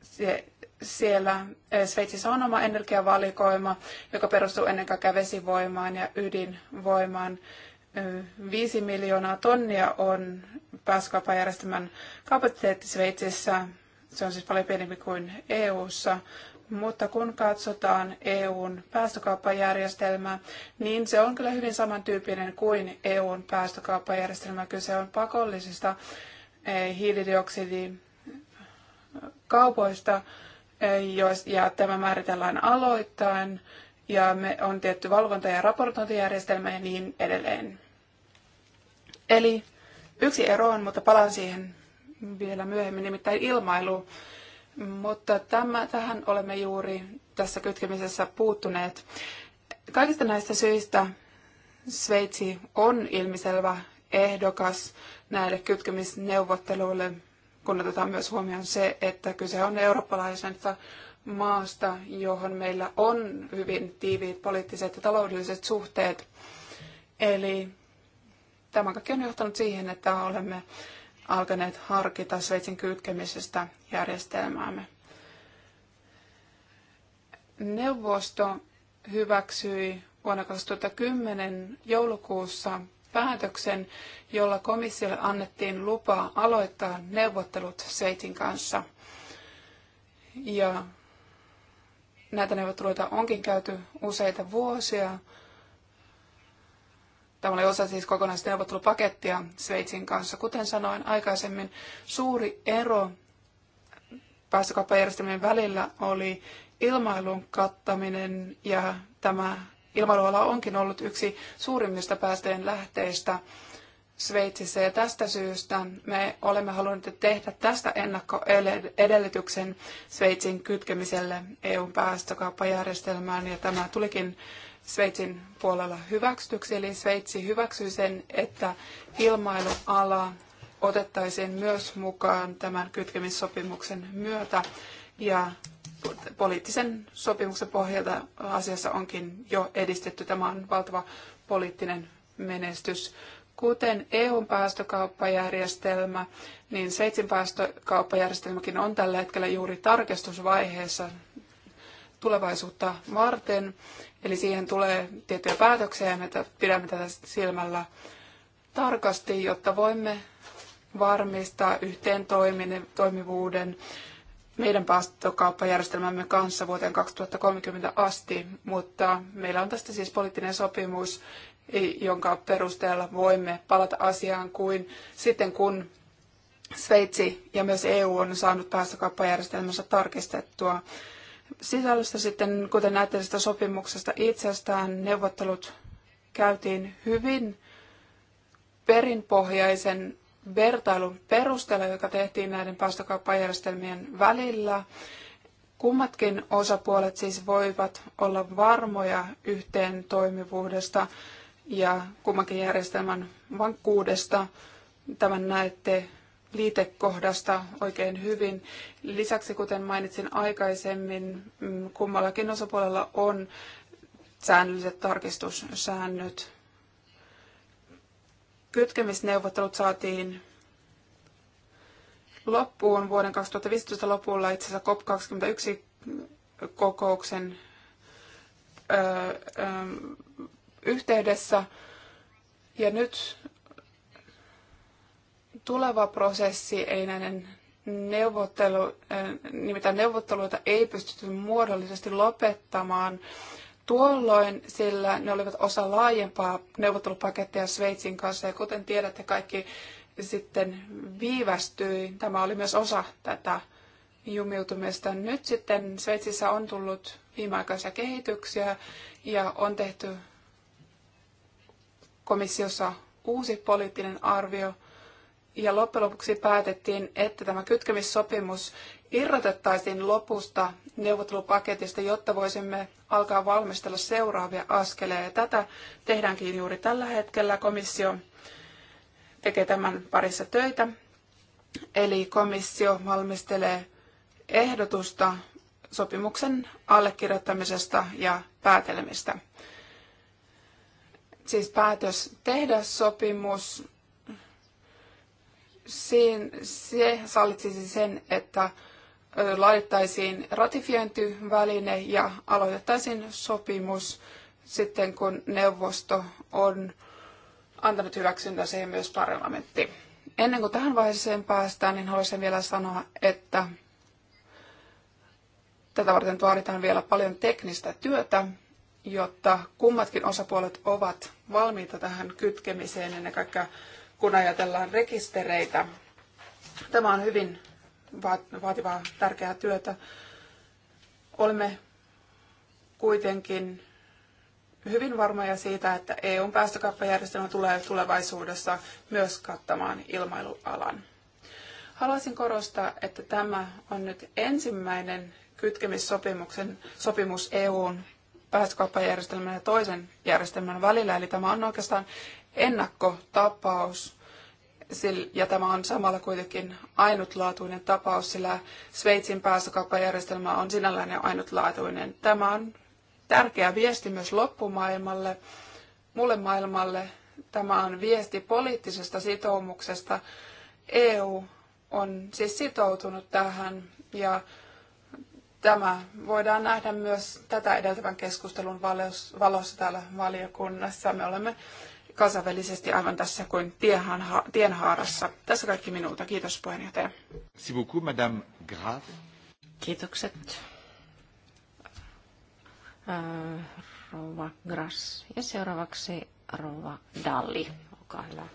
Se, siellä eh, Sveitsissä on oma energiavalikoima, joka perustuu ennen kaikkea vesivoimaan ja ydinvoimaan. 5 eh, miljoonaa tonnia on päästökauppajärjestelmän kapasiteetti Sveitsissä. Se on siis paljon pienempi kuin EU:ssa, mutta kun katsotaan EUn päästökauppajärjestelmää, niin se on kyllä hyvin samantyyppinen kuin EUn päästökauppajärjestelmä. Kyse on pakollisista eh, hiilidioksidikaupoista, eh, ja tämä määritellään aloittain, ja me on tietty valvonta- ja raportointijärjestelmä ja niin edelleen. Eli yksi ero on, mutta palaan siihen vielä myöhemmin, nimittäin ilmailu. Mutta tämä, tähän olemme juuri tässä kytkemisessä puuttuneet. Kaikista näistä syistä Sveitsi on ilmiselvä ehdokas näille kytkemisneuvotteluille, kun otetaan myös huomioon se, että kyse on eurooppalaisesta maasta, johon meillä on hyvin tiiviit poliittiset ja taloudelliset suhteet. Eli tämä kaikki on johtanut siihen, että olemme alkaneet harkita Sveitsin kytkemisestä järjestelmäämme. Neuvosto hyväksyi vuonna 2010 joulukuussa päätöksen, jolla komissiolle annettiin lupa aloittaa neuvottelut Sveitsin kanssa. Ja näitä neuvotteluita onkin käyty useita vuosia, Tämä oli osa siis kokonaista neuvottelupakettia Sveitsin kanssa. Kuten sanoin aikaisemmin, suuri ero päästökauppajärjestelmien välillä oli ilmailun kattaminen ja tämä ilmailuala onkin ollut yksi suurimmista päästöjen lähteistä Sveitsissä ja tästä syystä me olemme halunneet tehdä tästä ennakkoedellytyksen Sveitsin kytkemiselle eu päästökauppajärjestelmään ja tämä tulikin Sveitsin puolella hyväksytyksi, eli Sveitsi hyväksyi sen, että ilmailuala otettaisiin myös mukaan tämän kytkemissopimuksen myötä. Ja poliittisen sopimuksen pohjalta asiassa onkin jo edistetty. Tämä on valtava poliittinen menestys. Kuten EUn päästökauppajärjestelmä, niin Sveitsin päästökauppajärjestelmäkin on tällä hetkellä juuri tarkistusvaiheessa tulevaisuutta varten. Eli siihen tulee tiettyjä päätöksiä ja me pidämme tätä silmällä tarkasti, jotta voimme varmistaa yhteen toimivuuden meidän päästökauppajärjestelmämme kanssa vuoteen 2030 asti, mutta meillä on tästä siis poliittinen sopimus, jonka perusteella voimme palata asiaan kuin sitten, kun Sveitsi ja myös EU on saanut päästökauppajärjestelmänsä tarkistettua. Sisällöstä sitten, kuten näette sitä sopimuksesta itsestään, neuvottelut käytiin hyvin perinpohjaisen vertailun perusteella, joka tehtiin näiden päästökauppajärjestelmien välillä. Kummatkin osapuolet siis voivat olla varmoja yhteen toimivuudesta ja kummankin järjestelmän vankkuudesta. Tämän näette liitekohdasta oikein hyvin. Lisäksi, kuten mainitsin aikaisemmin, mm, kummallakin osapuolella on säännölliset tarkistussäännöt. Kytkemisneuvottelut saatiin loppuun vuoden 2015 lopulla itse asiassa COP21 kokouksen ö, ö, yhteydessä. Ja nyt tuleva prosessi ei näiden neuvottelu, äh, nimittäin neuvotteluita ei pystytty muodollisesti lopettamaan tuolloin, sillä ne olivat osa laajempaa neuvottelupakettia Sveitsin kanssa. Ja kuten tiedätte, kaikki sitten viivästyi. Tämä oli myös osa tätä jumiutumista. Nyt sitten Sveitsissä on tullut viimeaikaisia kehityksiä ja on tehty komissiossa uusi poliittinen arvio – ja loppujen lopuksi päätettiin, että tämä kytkemissopimus irrotettaisiin lopusta neuvottelupaketista, jotta voisimme alkaa valmistella seuraavia askeleja. Ja tätä tehdäänkin juuri tällä hetkellä. Komissio tekee tämän parissa töitä. Eli komissio valmistelee ehdotusta sopimuksen allekirjoittamisesta ja päätelmistä. Siis päätös tehdä sopimus Siin, se sallitsisi sen, että laitettaisiin ratifiointiväline ja aloitettaisiin sopimus sitten, kun neuvosto on antanut hyväksyntä siihen myös parlamentti. Ennen kuin tähän vaiheeseen päästään, niin haluaisin vielä sanoa, että tätä varten vaaditaan vielä paljon teknistä työtä, jotta kummatkin osapuolet ovat valmiita tähän kytkemiseen, ennen kaikkea kun ajatellaan rekistereitä. Tämä on hyvin vaativaa, tärkeää työtä. Olemme kuitenkin hyvin varmoja siitä, että EUn päästökauppajärjestelmä tulee tulevaisuudessa myös kattamaan ilmailualan. Haluaisin korostaa, että tämä on nyt ensimmäinen kytkemissopimuksen sopimus EUn päästökauppajärjestelmän ja toisen järjestelmän välillä. Eli tämä on oikeastaan ennakkotapaus. Ja tämä on samalla kuitenkin ainutlaatuinen tapaus, sillä Sveitsin päästökauppajärjestelmä on sinällään jo ainutlaatuinen. Tämä on tärkeä viesti myös loppumaailmalle, mulle maailmalle. Tämä on viesti poliittisesta sitoumuksesta. EU on siis sitoutunut tähän ja tämä voidaan nähdä myös tätä edeltävän keskustelun valossa täällä valiokunnassa. Me olemme kansainvälisesti aivan tässä kuin tienha, tienhaarassa. Tässä kaikki minulta. Kiitos puheenjohtaja. beaucoup, Madame Graf. Kiitokset. Äh, rouva Gras. Ja seuraavaksi rouva Dalli. Olkaa hyvä.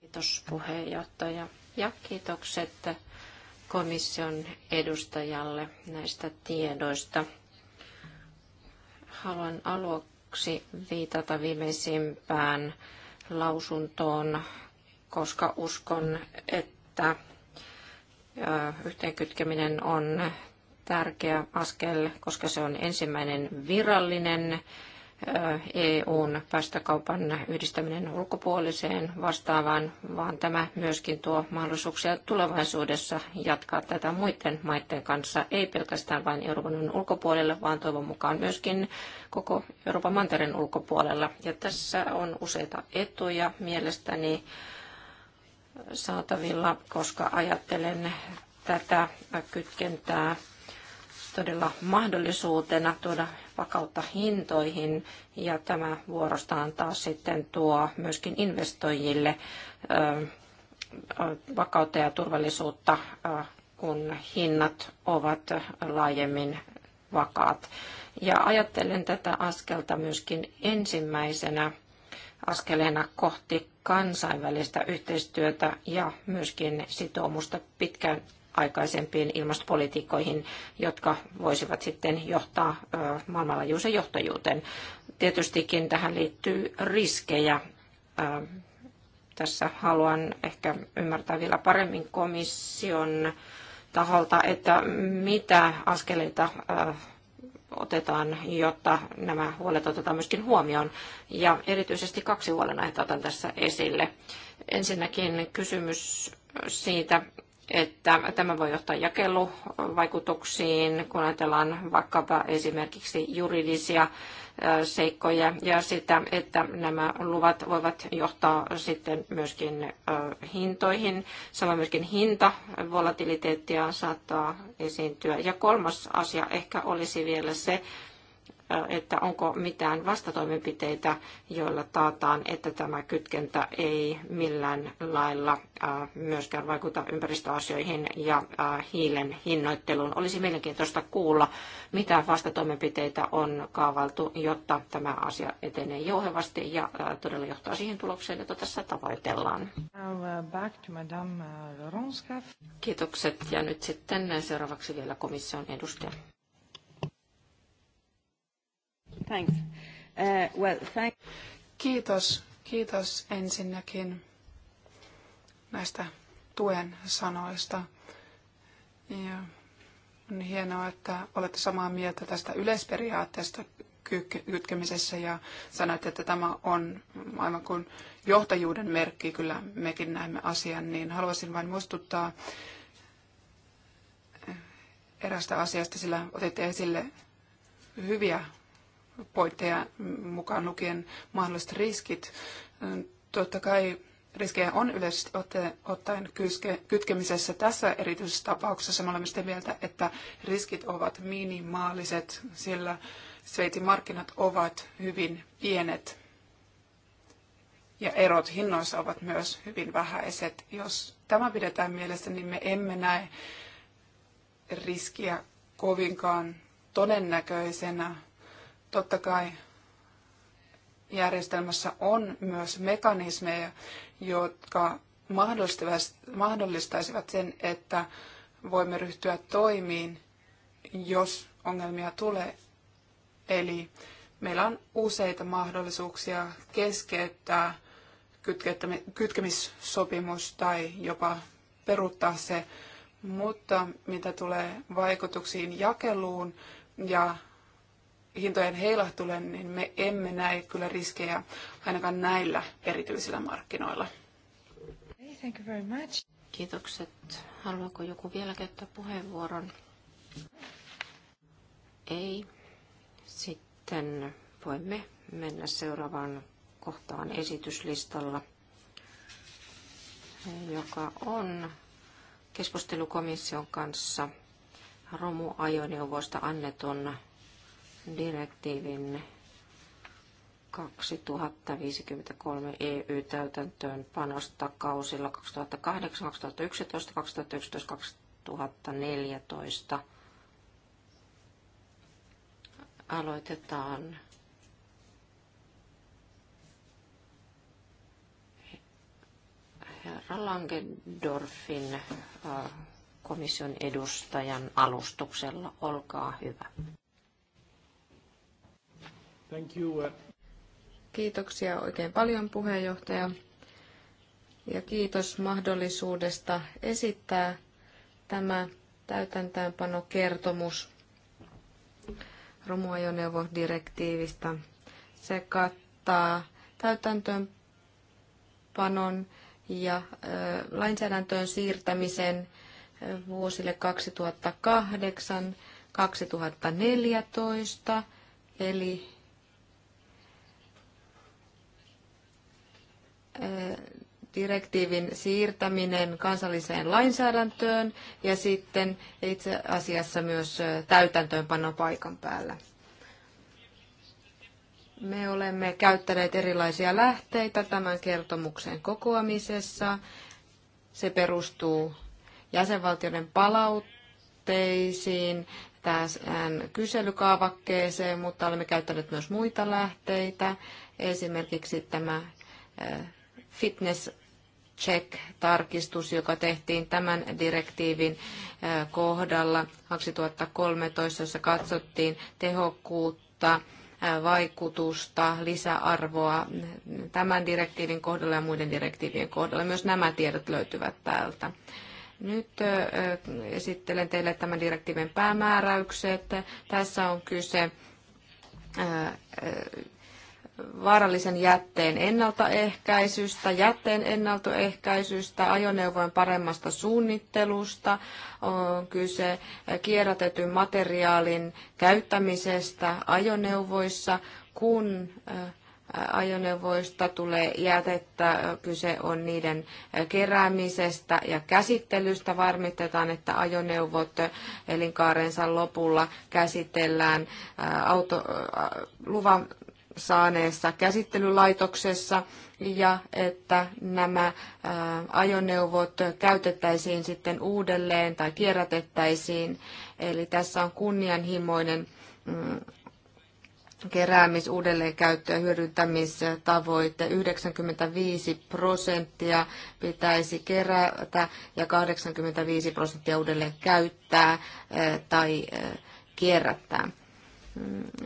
Kiitos puheenjohtaja ja kiitokset komission edustajalle näistä tiedoista. Haluan alo lopuksi viitata viimeisimpään lausuntoon, koska uskon, että yhteenkytkeminen on tärkeä askel, koska se on ensimmäinen virallinen EUn päästökaupan yhdistäminen ulkopuoliseen vastaavaan, vaan tämä myöskin tuo mahdollisuuksia tulevaisuudessa jatkaa tätä muiden maiden kanssa, ei pelkästään vain Euroopan ulkopuolelle, vaan toivon mukaan myöskin koko Euroopan mantereen ulkopuolella. Ja tässä on useita etuja mielestäni saatavilla, koska ajattelen tätä kytkentää todella mahdollisuutena tuoda vakautta hintoihin ja tämä vuorostaan taas sitten tuo myöskin investoijille vakautta ja turvallisuutta, kun hinnat ovat laajemmin vakaat. Ja ajattelen tätä askelta myöskin ensimmäisenä askeleena kohti kansainvälistä yhteistyötä ja myöskin sitoumusta pitkän aikaisempiin ilmastopolitiikkoihin, jotka voisivat sitten johtaa maailmanlaajuisen johtajuuteen. Tietystikin tähän liittyy riskejä. Tässä haluan ehkä ymmärtää vielä paremmin komission taholta, että mitä askeleita otetaan, jotta nämä huolet otetaan myöskin huomioon. Ja erityisesti kaksi huolenaihetta otan tässä esille. Ensinnäkin kysymys siitä, että tämä voi johtaa jakeluvaikutuksiin, kun ajatellaan vaikkapa esimerkiksi juridisia seikkoja ja sitä, että nämä luvat voivat johtaa sitten myöskin hintoihin. Sama myöskin hinta, volatiliteettia saattaa esiintyä. Ja kolmas asia ehkä olisi vielä se, että onko mitään vastatoimenpiteitä, joilla taataan, että tämä kytkentä ei millään lailla myöskään vaikuta ympäristöasioihin ja hiilen hinnoitteluun. Olisi mielenkiintoista kuulla, mitä vastatoimenpiteitä on kaavaltu, jotta tämä asia etenee jouhevasti ja todella johtaa siihen tulokseen, jota tässä tavoitellaan. Uh, uh, Kiitokset. Ja nyt sitten seuraavaksi vielä komission edustaja. Thanks. Uh, well, thank... Kiitos. Kiitos ensinnäkin näistä tuen sanoista. Ja on hienoa, että olette samaa mieltä tästä yleisperiaatteesta kytkemisessä ja sanoitte, että tämä on aivan kuin johtajuuden merkki, kyllä mekin näemme asian, niin haluaisin vain muistuttaa erästä asiasta, sillä otitte esille hyviä pointteja mukaan lukien mahdolliset riskit. Totta kai riskejä on yleisesti ottaen kytkemisessä tässä erityisessä tapauksessa. Me olemme sitä mieltä, että riskit ovat minimaaliset, sillä Sveitin markkinat ovat hyvin pienet ja erot hinnoissa ovat myös hyvin vähäiset. Jos tämä pidetään mielessä, niin me emme näe riskiä kovinkaan todennäköisenä Totta kai järjestelmässä on myös mekanismeja, jotka mahdollistaisivat sen, että voimme ryhtyä toimiin, jos ongelmia tulee. Eli meillä on useita mahdollisuuksia keskeyttää kytkemissopimus tai jopa peruuttaa se, mutta mitä tulee vaikutuksiin jakeluun ja hintojen heilahtule, niin me emme näe kyllä riskejä ainakaan näillä erityisillä markkinoilla. Thank you very much. Kiitokset. Haluaako joku vielä käyttää puheenvuoron? Ei. Sitten voimme mennä seuraavaan kohtaan esityslistalla, joka on keskustelukomission kanssa romuajoneuvoista annetun direktiivin 2053 EU-täytäntöön panosta kausilla 2008, 2011, 2011, 2014. Aloitetaan herra Langendorfin äh, komission edustajan alustuksella. Olkaa hyvä. Thank you. Uh, Kiitoksia oikein paljon puheenjohtaja ja kiitos mahdollisuudesta esittää tämä täytäntäänpanokertomus romuajoneuvodirektiivistä. Se kattaa täytäntöönpanon ja lainsäädäntöön siirtämisen vuosille 2008 2014, eli direktiivin siirtäminen kansalliseen lainsäädäntöön ja sitten itse asiassa myös täytäntöönpanon paikan päällä. Me olemme käyttäneet erilaisia lähteitä tämän kertomuksen kokoamisessa. Se perustuu jäsenvaltioiden palautteisiin, tähän kyselykaavakkeeseen, mutta olemme käyttäneet myös muita lähteitä, esimerkiksi tämä eh, fitness check-tarkistus, joka tehtiin tämän direktiivin kohdalla 2013, jossa katsottiin tehokkuutta, vaikutusta, lisäarvoa tämän direktiivin kohdalla ja muiden direktiivien kohdalla. Myös nämä tiedot löytyvät täältä. Nyt esittelen teille tämän direktiivin päämääräykset. Tässä on kyse vaarallisen jätteen ennaltaehkäisystä, jätteen ennaltaehkäisystä, ajoneuvojen paremmasta suunnittelusta, on kyse kierrätetyn materiaalin käyttämisestä ajoneuvoissa, kun ajoneuvoista tulee jätettä. Kyse on niiden keräämisestä ja käsittelystä. Varmistetaan, että ajoneuvot elinkaarensa lopulla käsitellään auto, luvan saaneessa käsittelylaitoksessa ja että nämä ajoneuvot käytettäisiin sitten uudelleen tai kierrätettäisiin. Eli tässä on kunnianhimoinen mm, keräämis-, uudelleenkäyttö- ja hyödyntämistavoite. 95 prosenttia pitäisi kerätä ja 85 prosenttia uudelleen käyttää tai kierrättää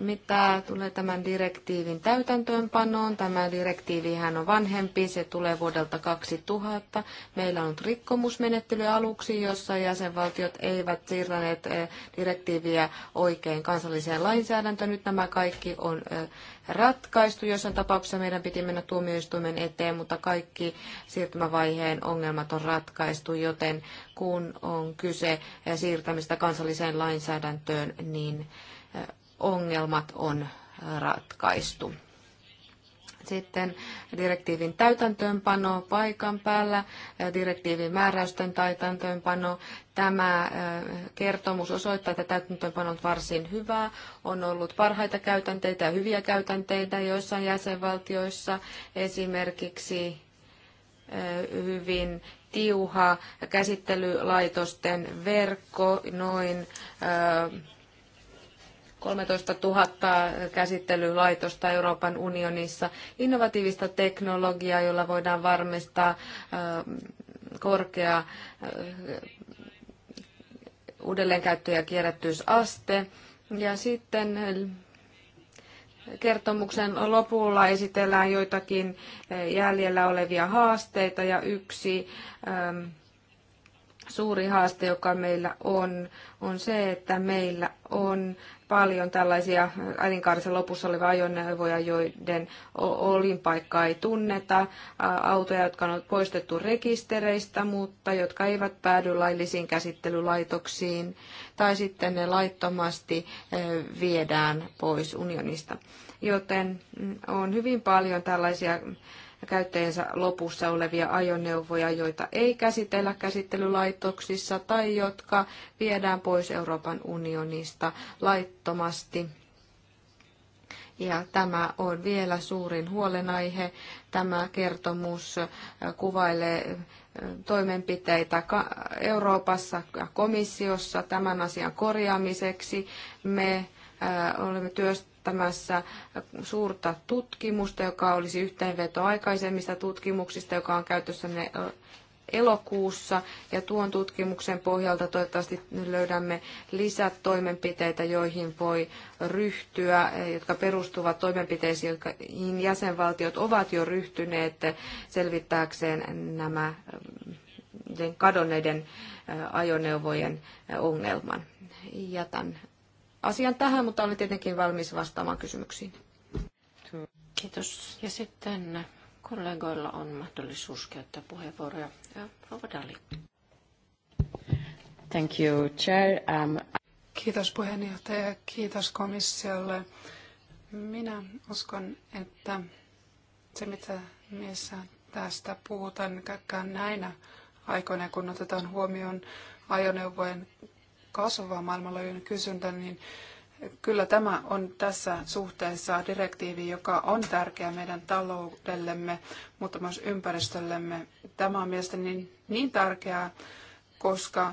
mitä tulee tämän direktiivin täytäntöönpanoon. Tämä direktiivihän on vanhempi, se tulee vuodelta 2000. Meillä on rikkomusmenettely aluksi, jossa jäsenvaltiot eivät siirtäneet eh, direktiiviä oikein kansalliseen lainsäädäntöön. Nyt nämä kaikki on eh, ratkaistu. Jossain tapauksessa meidän piti mennä tuomioistuimen eteen, mutta kaikki siirtymävaiheen ongelmat on ratkaistu, joten kun on kyse eh, siirtämistä kansalliseen lainsäädäntöön, niin ongelmat on ratkaistu. Sitten direktiivin täytäntöönpano paikan päällä, direktiivin määräysten täytäntöönpano. Tämä äh, kertomus osoittaa, että täytäntöönpano on varsin hyvää. On ollut parhaita käytänteitä ja hyviä käytänteitä joissain jäsenvaltioissa, esimerkiksi äh, hyvin tiuha käsittelylaitosten verkko, noin äh, 13 000 käsittelylaitosta Euroopan unionissa, innovatiivista teknologiaa, jolla voidaan varmistaa korkea uudelleenkäyttö- ja kierrätysaste. Ja sitten kertomuksen lopulla esitellään joitakin jäljellä olevia haasteita ja yksi suuri haaste, joka meillä on, on se, että meillä on paljon tällaisia elinkaarensa äh, lopussa olevia ajoneuvoja, joiden olinpaikkaa ei tunneta, autoja, jotka on poistettu rekistereistä, mutta jotka eivät päädy laillisiin käsittelylaitoksiin, tai sitten ne laittomasti viedään pois unionista. Joten mm, on hyvin paljon tällaisia käyttäjänsä lopussa olevia ajoneuvoja, joita ei käsitellä käsittelylaitoksissa tai jotka viedään pois Euroopan unionista laittomasti. Ja tämä on vielä suurin huolenaihe. Tämä kertomus kuvailee toimenpiteitä Euroopassa ja komissiossa tämän asian korjaamiseksi. Me olemme työstäneet teettämässä suurta tutkimusta, joka olisi yhteenveto aikaisemmista tutkimuksista, joka on käytössä ne elokuussa ja tuon tutkimuksen pohjalta toivottavasti löydämme lisätoimenpiteitä, joihin voi ryhtyä, e, jotka perustuvat toimenpiteisiin, joihin jäsenvaltiot ovat jo ryhtyneet selvittääkseen nämä e, kadonneiden e, ajoneuvojen ongelman. Jätän asian tähän, mutta olen tietenkin valmis vastaamaan kysymyksiin. Kiitos. Ja sitten kollegoilla on mahdollisuus käyttää puheenvuoroja. Ja Rova Dali. Thank you, Chair. Um... Kiitos puheenjohtaja, kiitos komissiolle. Minä uskon, että se mitä missä tästä puhutaan niin kaikkään näinä aikoina, kun otetaan huomioon ajoneuvojen kasvava maailmanlaajuinen kysyntä, niin kyllä tämä on tässä suhteessa direktiivi, joka on tärkeä meidän taloudellemme, mutta myös ympäristöllemme. Tämä on mielestäni niin, niin tärkeää, koska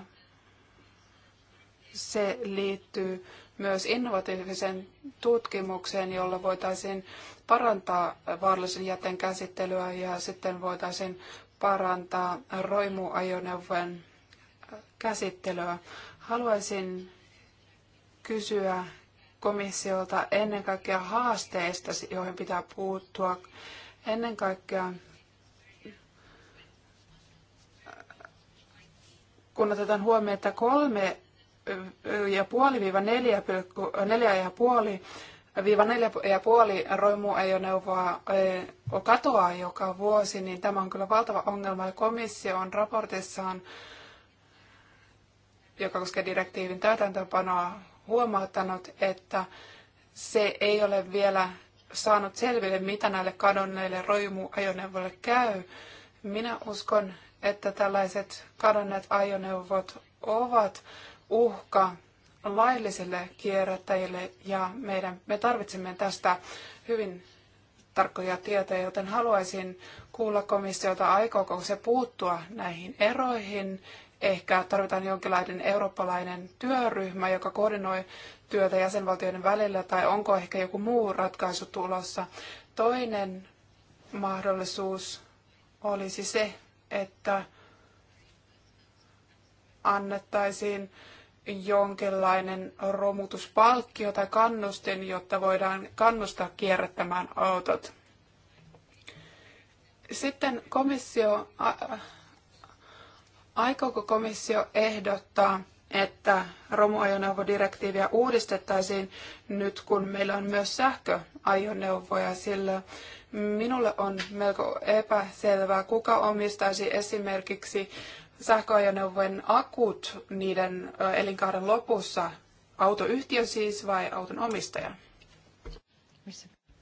se liittyy myös innovatiiviseen tutkimukseen, jolla voitaisiin parantaa vaarallisen jätteen käsittelyä ja sitten voitaisiin parantaa roimuajoneuvojen käsittelyä. Haluaisin kysyä komissiolta ennen kaikkea haasteista, joihin pitää puuttua. Ennen kaikkea, kun otetaan huomioon, että kolme ja puoli viiva neljä, neljä ja puoli viiva neljä ja puoli roimuajoneuvoa katoaa joka vuosi, niin tämä on kyllä valtava ongelma. Komissio on raportissaan joka koskee direktiivin täytäntöönpanoa, huomauttanut, että se ei ole vielä saanut selville, mitä näille kadonneille rojumuajoneuvoille käy. Minä uskon, että tällaiset kadonneet ajoneuvot ovat uhka laillisille kierrättäjille ja meidän, me tarvitsemme tästä hyvin tarkkoja tietoja, joten haluaisin kuulla komissiota, aikooko se puuttua näihin eroihin Ehkä tarvitaan jonkinlainen eurooppalainen työryhmä, joka koordinoi työtä jäsenvaltioiden välillä, tai onko ehkä joku muu ratkaisu tulossa. Toinen mahdollisuus olisi se, että annettaisiin jonkinlainen romutuspalkkio tai kannustin, jotta voidaan kannustaa kierrättämään autot. Sitten komissio Aikooko komissio ehdottaa, että romuajoneuvodirektiiviä uudistettaisiin nyt, kun meillä on myös sähköajoneuvoja, sillä minulle on melko epäselvää, kuka omistaisi esimerkiksi sähköajoneuvojen akut niiden elinkaaren lopussa, autoyhtiö siis vai auton omistaja?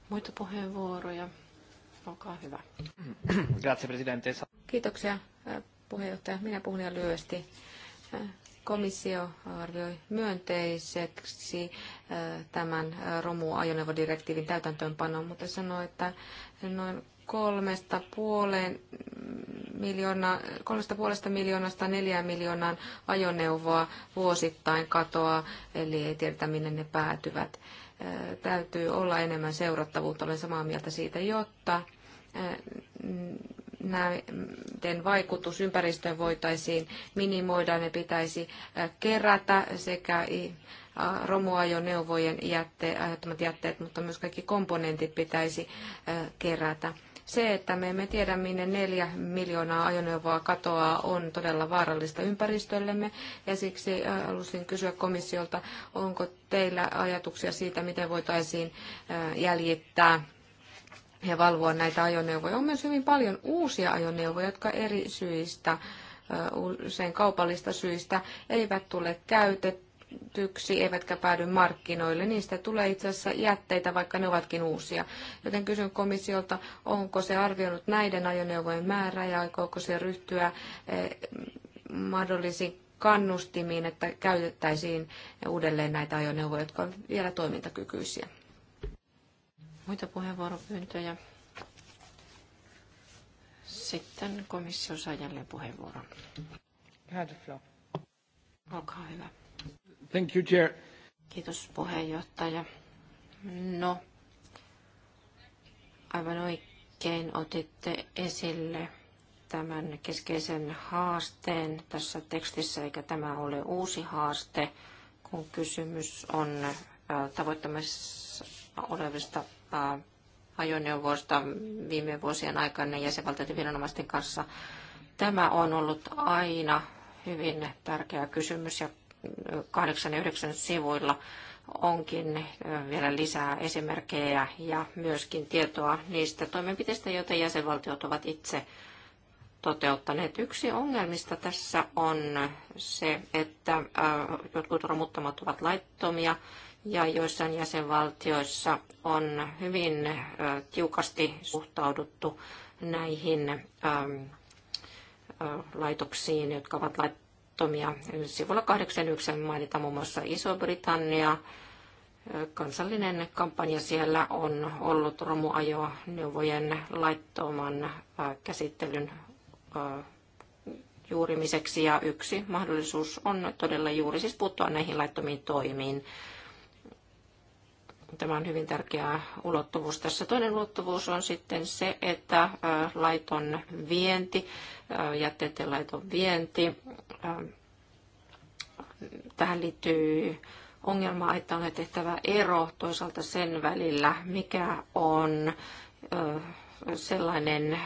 Muita puheenvuoroja. Olkaa hyvä. Grazie, Kiitoksia puheenjohtaja. Minä puhun ihan lyhyesti. Komissio arvioi myönteiseksi äh, tämän äh, romuajoneuvodirektiivin täytäntöönpanon, mutta sanoi, että noin kolmesta puoleen miljoona, kolmesta puolesta miljoonasta neljään miljoonaan ajoneuvoa vuosittain katoaa, eli ei tiedetä minne ne päätyvät. Äh, täytyy olla enemmän seurattavuutta, olen samaa mieltä siitä, jotta näiden vaikutus ympäristöön voitaisiin minimoida, ne pitäisi kerätä sekä romuajoneuvojen jätte, aiheuttamat jätteet, mutta myös kaikki komponentit pitäisi kerätä. Se, että me emme tiedä, minne neljä miljoonaa ajoneuvoa katoaa, on todella vaarallista ympäristöllemme. Ja siksi halusin kysyä komissiolta, onko teillä ajatuksia siitä, miten voitaisiin jäljittää ja valvoa näitä ajoneuvoja. On myös hyvin paljon uusia ajoneuvoja, jotka eri syistä, usein kaupallista syistä, eivät tule käytettyksi, eivätkä päädy markkinoille. Niistä tulee itse asiassa jätteitä, vaikka ne ovatkin uusia. Joten kysyn komissiolta, onko se arvioinut näiden ajoneuvojen määrää ja aikooko se ryhtyä mahdollisiin kannustimiin, että käytettäisiin uudelleen näitä ajoneuvoja, jotka ovat vielä toimintakykyisiä muita puheenvuoropyyntöjä? Sitten komissio saa jälleen puheenvuoron. Olkaa hyvä. Thank you, Chair. Kiitos puheenjohtaja. No, aivan oikein otitte esille tämän keskeisen haasteen tässä tekstissä, eikä tämä ole uusi haaste, kun kysymys on tavoittamassa olevista ajoneuvoista viime vuosien aikana jäsenvaltioiden viranomaisten kanssa. Tämä on ollut aina hyvin tärkeä kysymys ja 89 ja sivuilla onkin vielä lisää esimerkkejä ja myöskin tietoa niistä toimenpiteistä, joita jäsenvaltiot ovat itse toteuttaneet. Yksi ongelmista tässä on se, että jotkut romuttamat ovat laittomia ja joissain jäsenvaltioissa on hyvin tiukasti suhtauduttu näihin laitoksiin, jotka ovat laittomia. Sivulla 81 mainitaan muun muassa Iso-Britannia. Kansallinen kampanja siellä on ollut romuajoneuvojen laittoman käsittelyn juurimiseksi ja yksi mahdollisuus on todella juuri siis puuttua näihin laittomiin toimiin. Tämä on hyvin tärkeä ulottuvuus. Tässä toinen ulottuvuus on sitten se, että laiton vienti, jätteiden laiton vienti, tähän liittyy ongelma, että on tehtävä ero toisaalta sen välillä, mikä on sellainen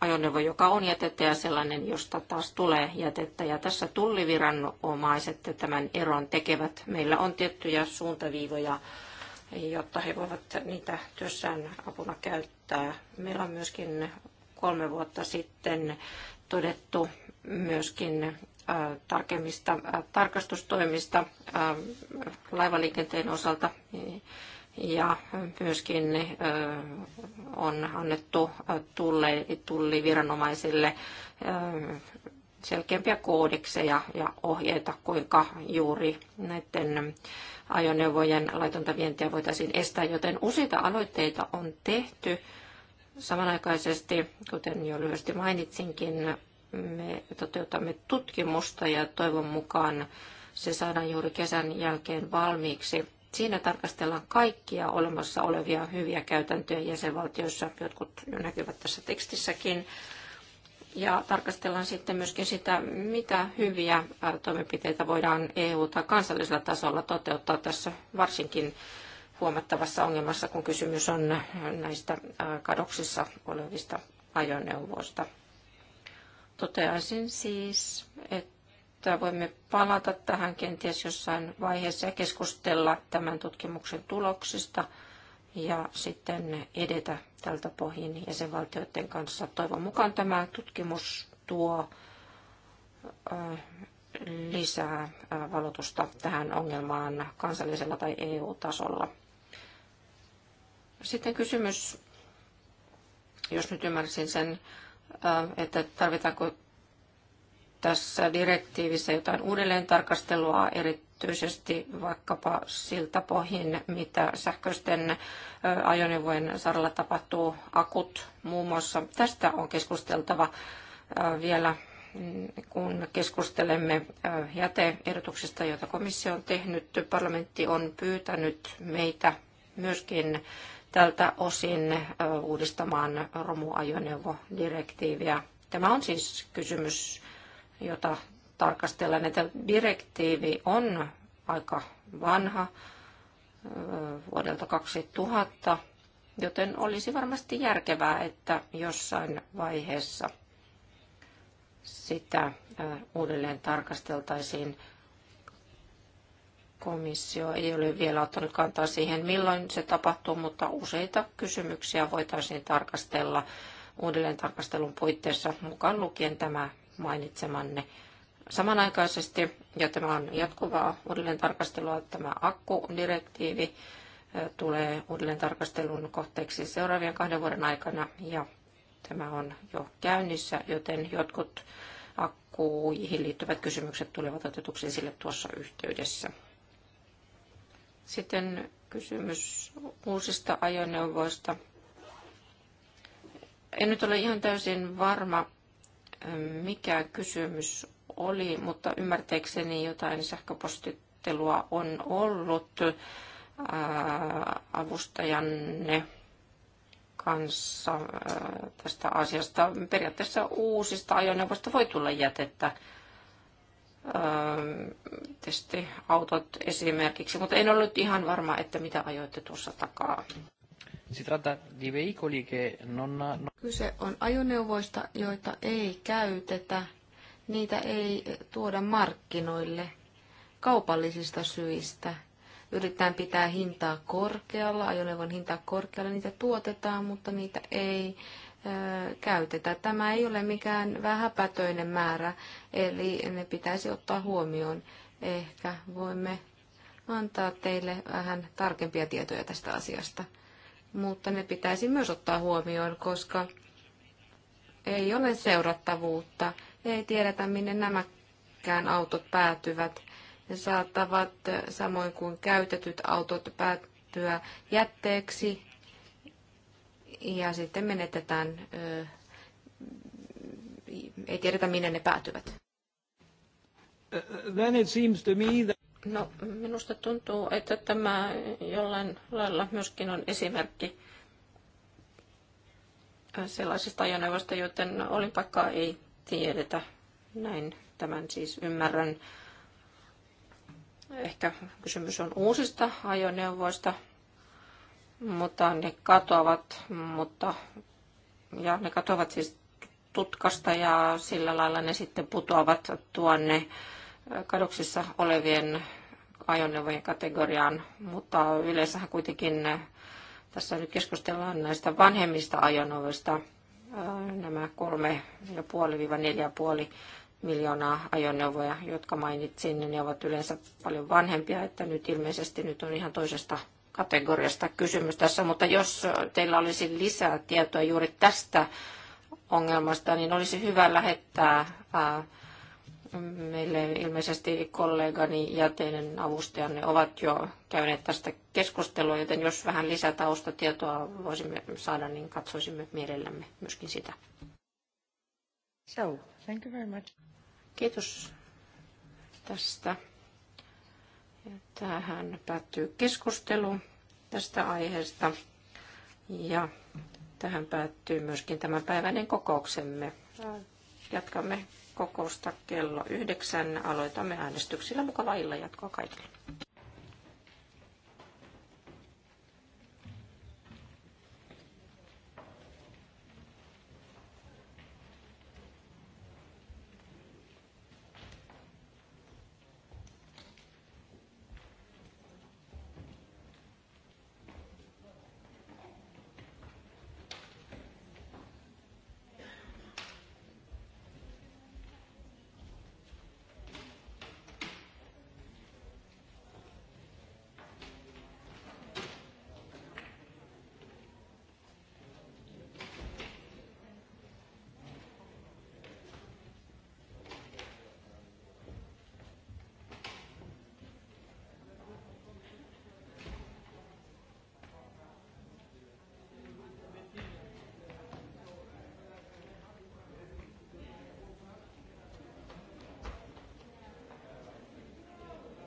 ajoneuvo, joka on jätettä ja sellainen, josta taas tulee jätettä. Ja tässä tulliviranomaiset tämän eron tekevät. Meillä on tiettyjä suuntaviivoja, jotta he voivat niitä työssään apuna käyttää. Meillä on myöskin kolme vuotta sitten todettu myöskin äh, tarkemmista äh, tarkastustoimista äh, laivaliikenteen osalta ja myöskin on annettu tulliviranomaisille selkeämpiä koodikseja ja ohjeita, kuinka juuri näiden ajoneuvojen laitonta vientiä voitaisiin estää, joten useita aloitteita on tehty. Samanaikaisesti, kuten jo lyhyesti mainitsinkin, me toteutamme tutkimusta ja toivon mukaan se saadaan juuri kesän jälkeen valmiiksi Siinä tarkastellaan kaikkia olemassa olevia hyviä käytäntöjä jäsenvaltioissa, jotkut näkyvät tässä tekstissäkin. Ja tarkastellaan sitten myöskin sitä, mitä hyviä toimenpiteitä voidaan EU- tai kansallisella tasolla toteuttaa tässä varsinkin huomattavassa ongelmassa, kun kysymys on näistä kadoksissa olevista ajoneuvoista. Toteaisin siis, että voimme palata tähän kenties jossain vaiheessa ja keskustella tämän tutkimuksen tuloksista ja sitten edetä tältä pohjin jäsenvaltioiden kanssa. Toivon mukaan tämä tutkimus tuo lisää valotusta tähän ongelmaan kansallisella tai EU-tasolla. Sitten kysymys, jos nyt ymmärsin sen, että tarvitaanko tässä direktiivissä jotain uudelleen tarkastelua erityisesti vaikkapa siltä pohjin, mitä sähköisten ajoneuvojen saralla tapahtuu, akut muun muassa. Tästä on keskusteltava vielä mm, kun keskustelemme jäteehdotuksesta, jota komissio on tehnyt. Parlamentti on pyytänyt meitä myöskin tältä osin uudistamaan romuajoneuvodirektiiviä. Tämä on siis kysymys, jota tarkastellaan, että direktiivi on aika vanha vuodelta 2000, joten olisi varmasti järkevää, että jossain vaiheessa sitä uudelleen tarkasteltaisiin. Komissio ei ole vielä ottanut kantaa siihen, milloin se tapahtuu, mutta useita kysymyksiä voitaisiin tarkastella uudelleen tarkastelun puitteissa, mukaan lukien tämä mainitsemanne samanaikaisesti, ja tämä on jatkuvaa uudelleen tarkastelua. Tämä akkudirektiivi tulee uudelleen tarkastelun kohteeksi seuraavien kahden vuoden aikana, ja tämä on jo käynnissä, joten jotkut akkuihin liittyvät kysymykset tulevat otetuksi sille tuossa yhteydessä. Sitten kysymys uusista ajoneuvoista. En nyt ole ihan täysin varma, mikä kysymys oli, mutta ymmärtääkseni jotain sähköpostittelua on ollut avustajanne kanssa tästä asiasta. Periaatteessa uusista ajoneuvoista voi tulla jätettä testiautot esimerkiksi, mutta en ollut ihan varma, että mitä ajoitte tuossa takaa. Kyse on ajoneuvoista, joita ei käytetä, niitä ei tuoda markkinoille kaupallisista syistä. Yritetään pitää hintaa korkealla, ajoneuvon hintaa korkealla, niitä tuotetaan, mutta niitä ei käytetä. Tämä ei ole mikään vähäpätöinen määrä, eli ne pitäisi ottaa huomioon. Ehkä voimme antaa teille vähän tarkempia tietoja tästä asiasta mutta ne pitäisi myös ottaa huomioon, koska ei ole seurattavuutta, ei tiedetä minne nämäkään autot päätyvät. Ne saattavat samoin kuin käytetyt autot päättyä jätteeksi ja sitten menetetään, ei tiedetä minne ne päätyvät. Then it seems to me that No, minusta tuntuu, että tämä jollain lailla myöskin on esimerkki sellaisista ajoneuvoista, joten olinpaikkaa ei tiedetä. Näin tämän siis ymmärrän. Ehkä kysymys on uusista ajoneuvoista, mutta ne katoavat, mutta, ja ne katoavat siis tutkasta ja sillä lailla ne sitten putoavat tuonne kadoksissa olevien ajoneuvojen kategoriaan, mutta yleensähän kuitenkin tässä nyt keskustellaan näistä vanhemmista ajoneuvoista. Nämä kolme ja puoli neljä puoli miljoonaa ajoneuvoja, jotka mainitsin, niin ne ovat yleensä paljon vanhempia, että nyt ilmeisesti nyt on ihan toisesta kategoriasta kysymys tässä, mutta jos teillä olisi lisää tietoa juuri tästä ongelmasta, niin olisi hyvä lähettää Meille ilmeisesti kollegani ja teidän avustajanne ovat jo käyneet tästä keskustelua, joten jos vähän lisätaustatietoa voisimme saada, niin katsoisimme mielellämme myöskin sitä. So, thank you very much. Kiitos tästä. Ja tähän päättyy keskustelu tästä aiheesta. Ja tähän päättyy myöskin tämänpäiväinen kokouksemme. Jatkamme kokousta kello yhdeksän. Aloitamme äänestyksillä. Mukavaa illan jatkoa kaikille.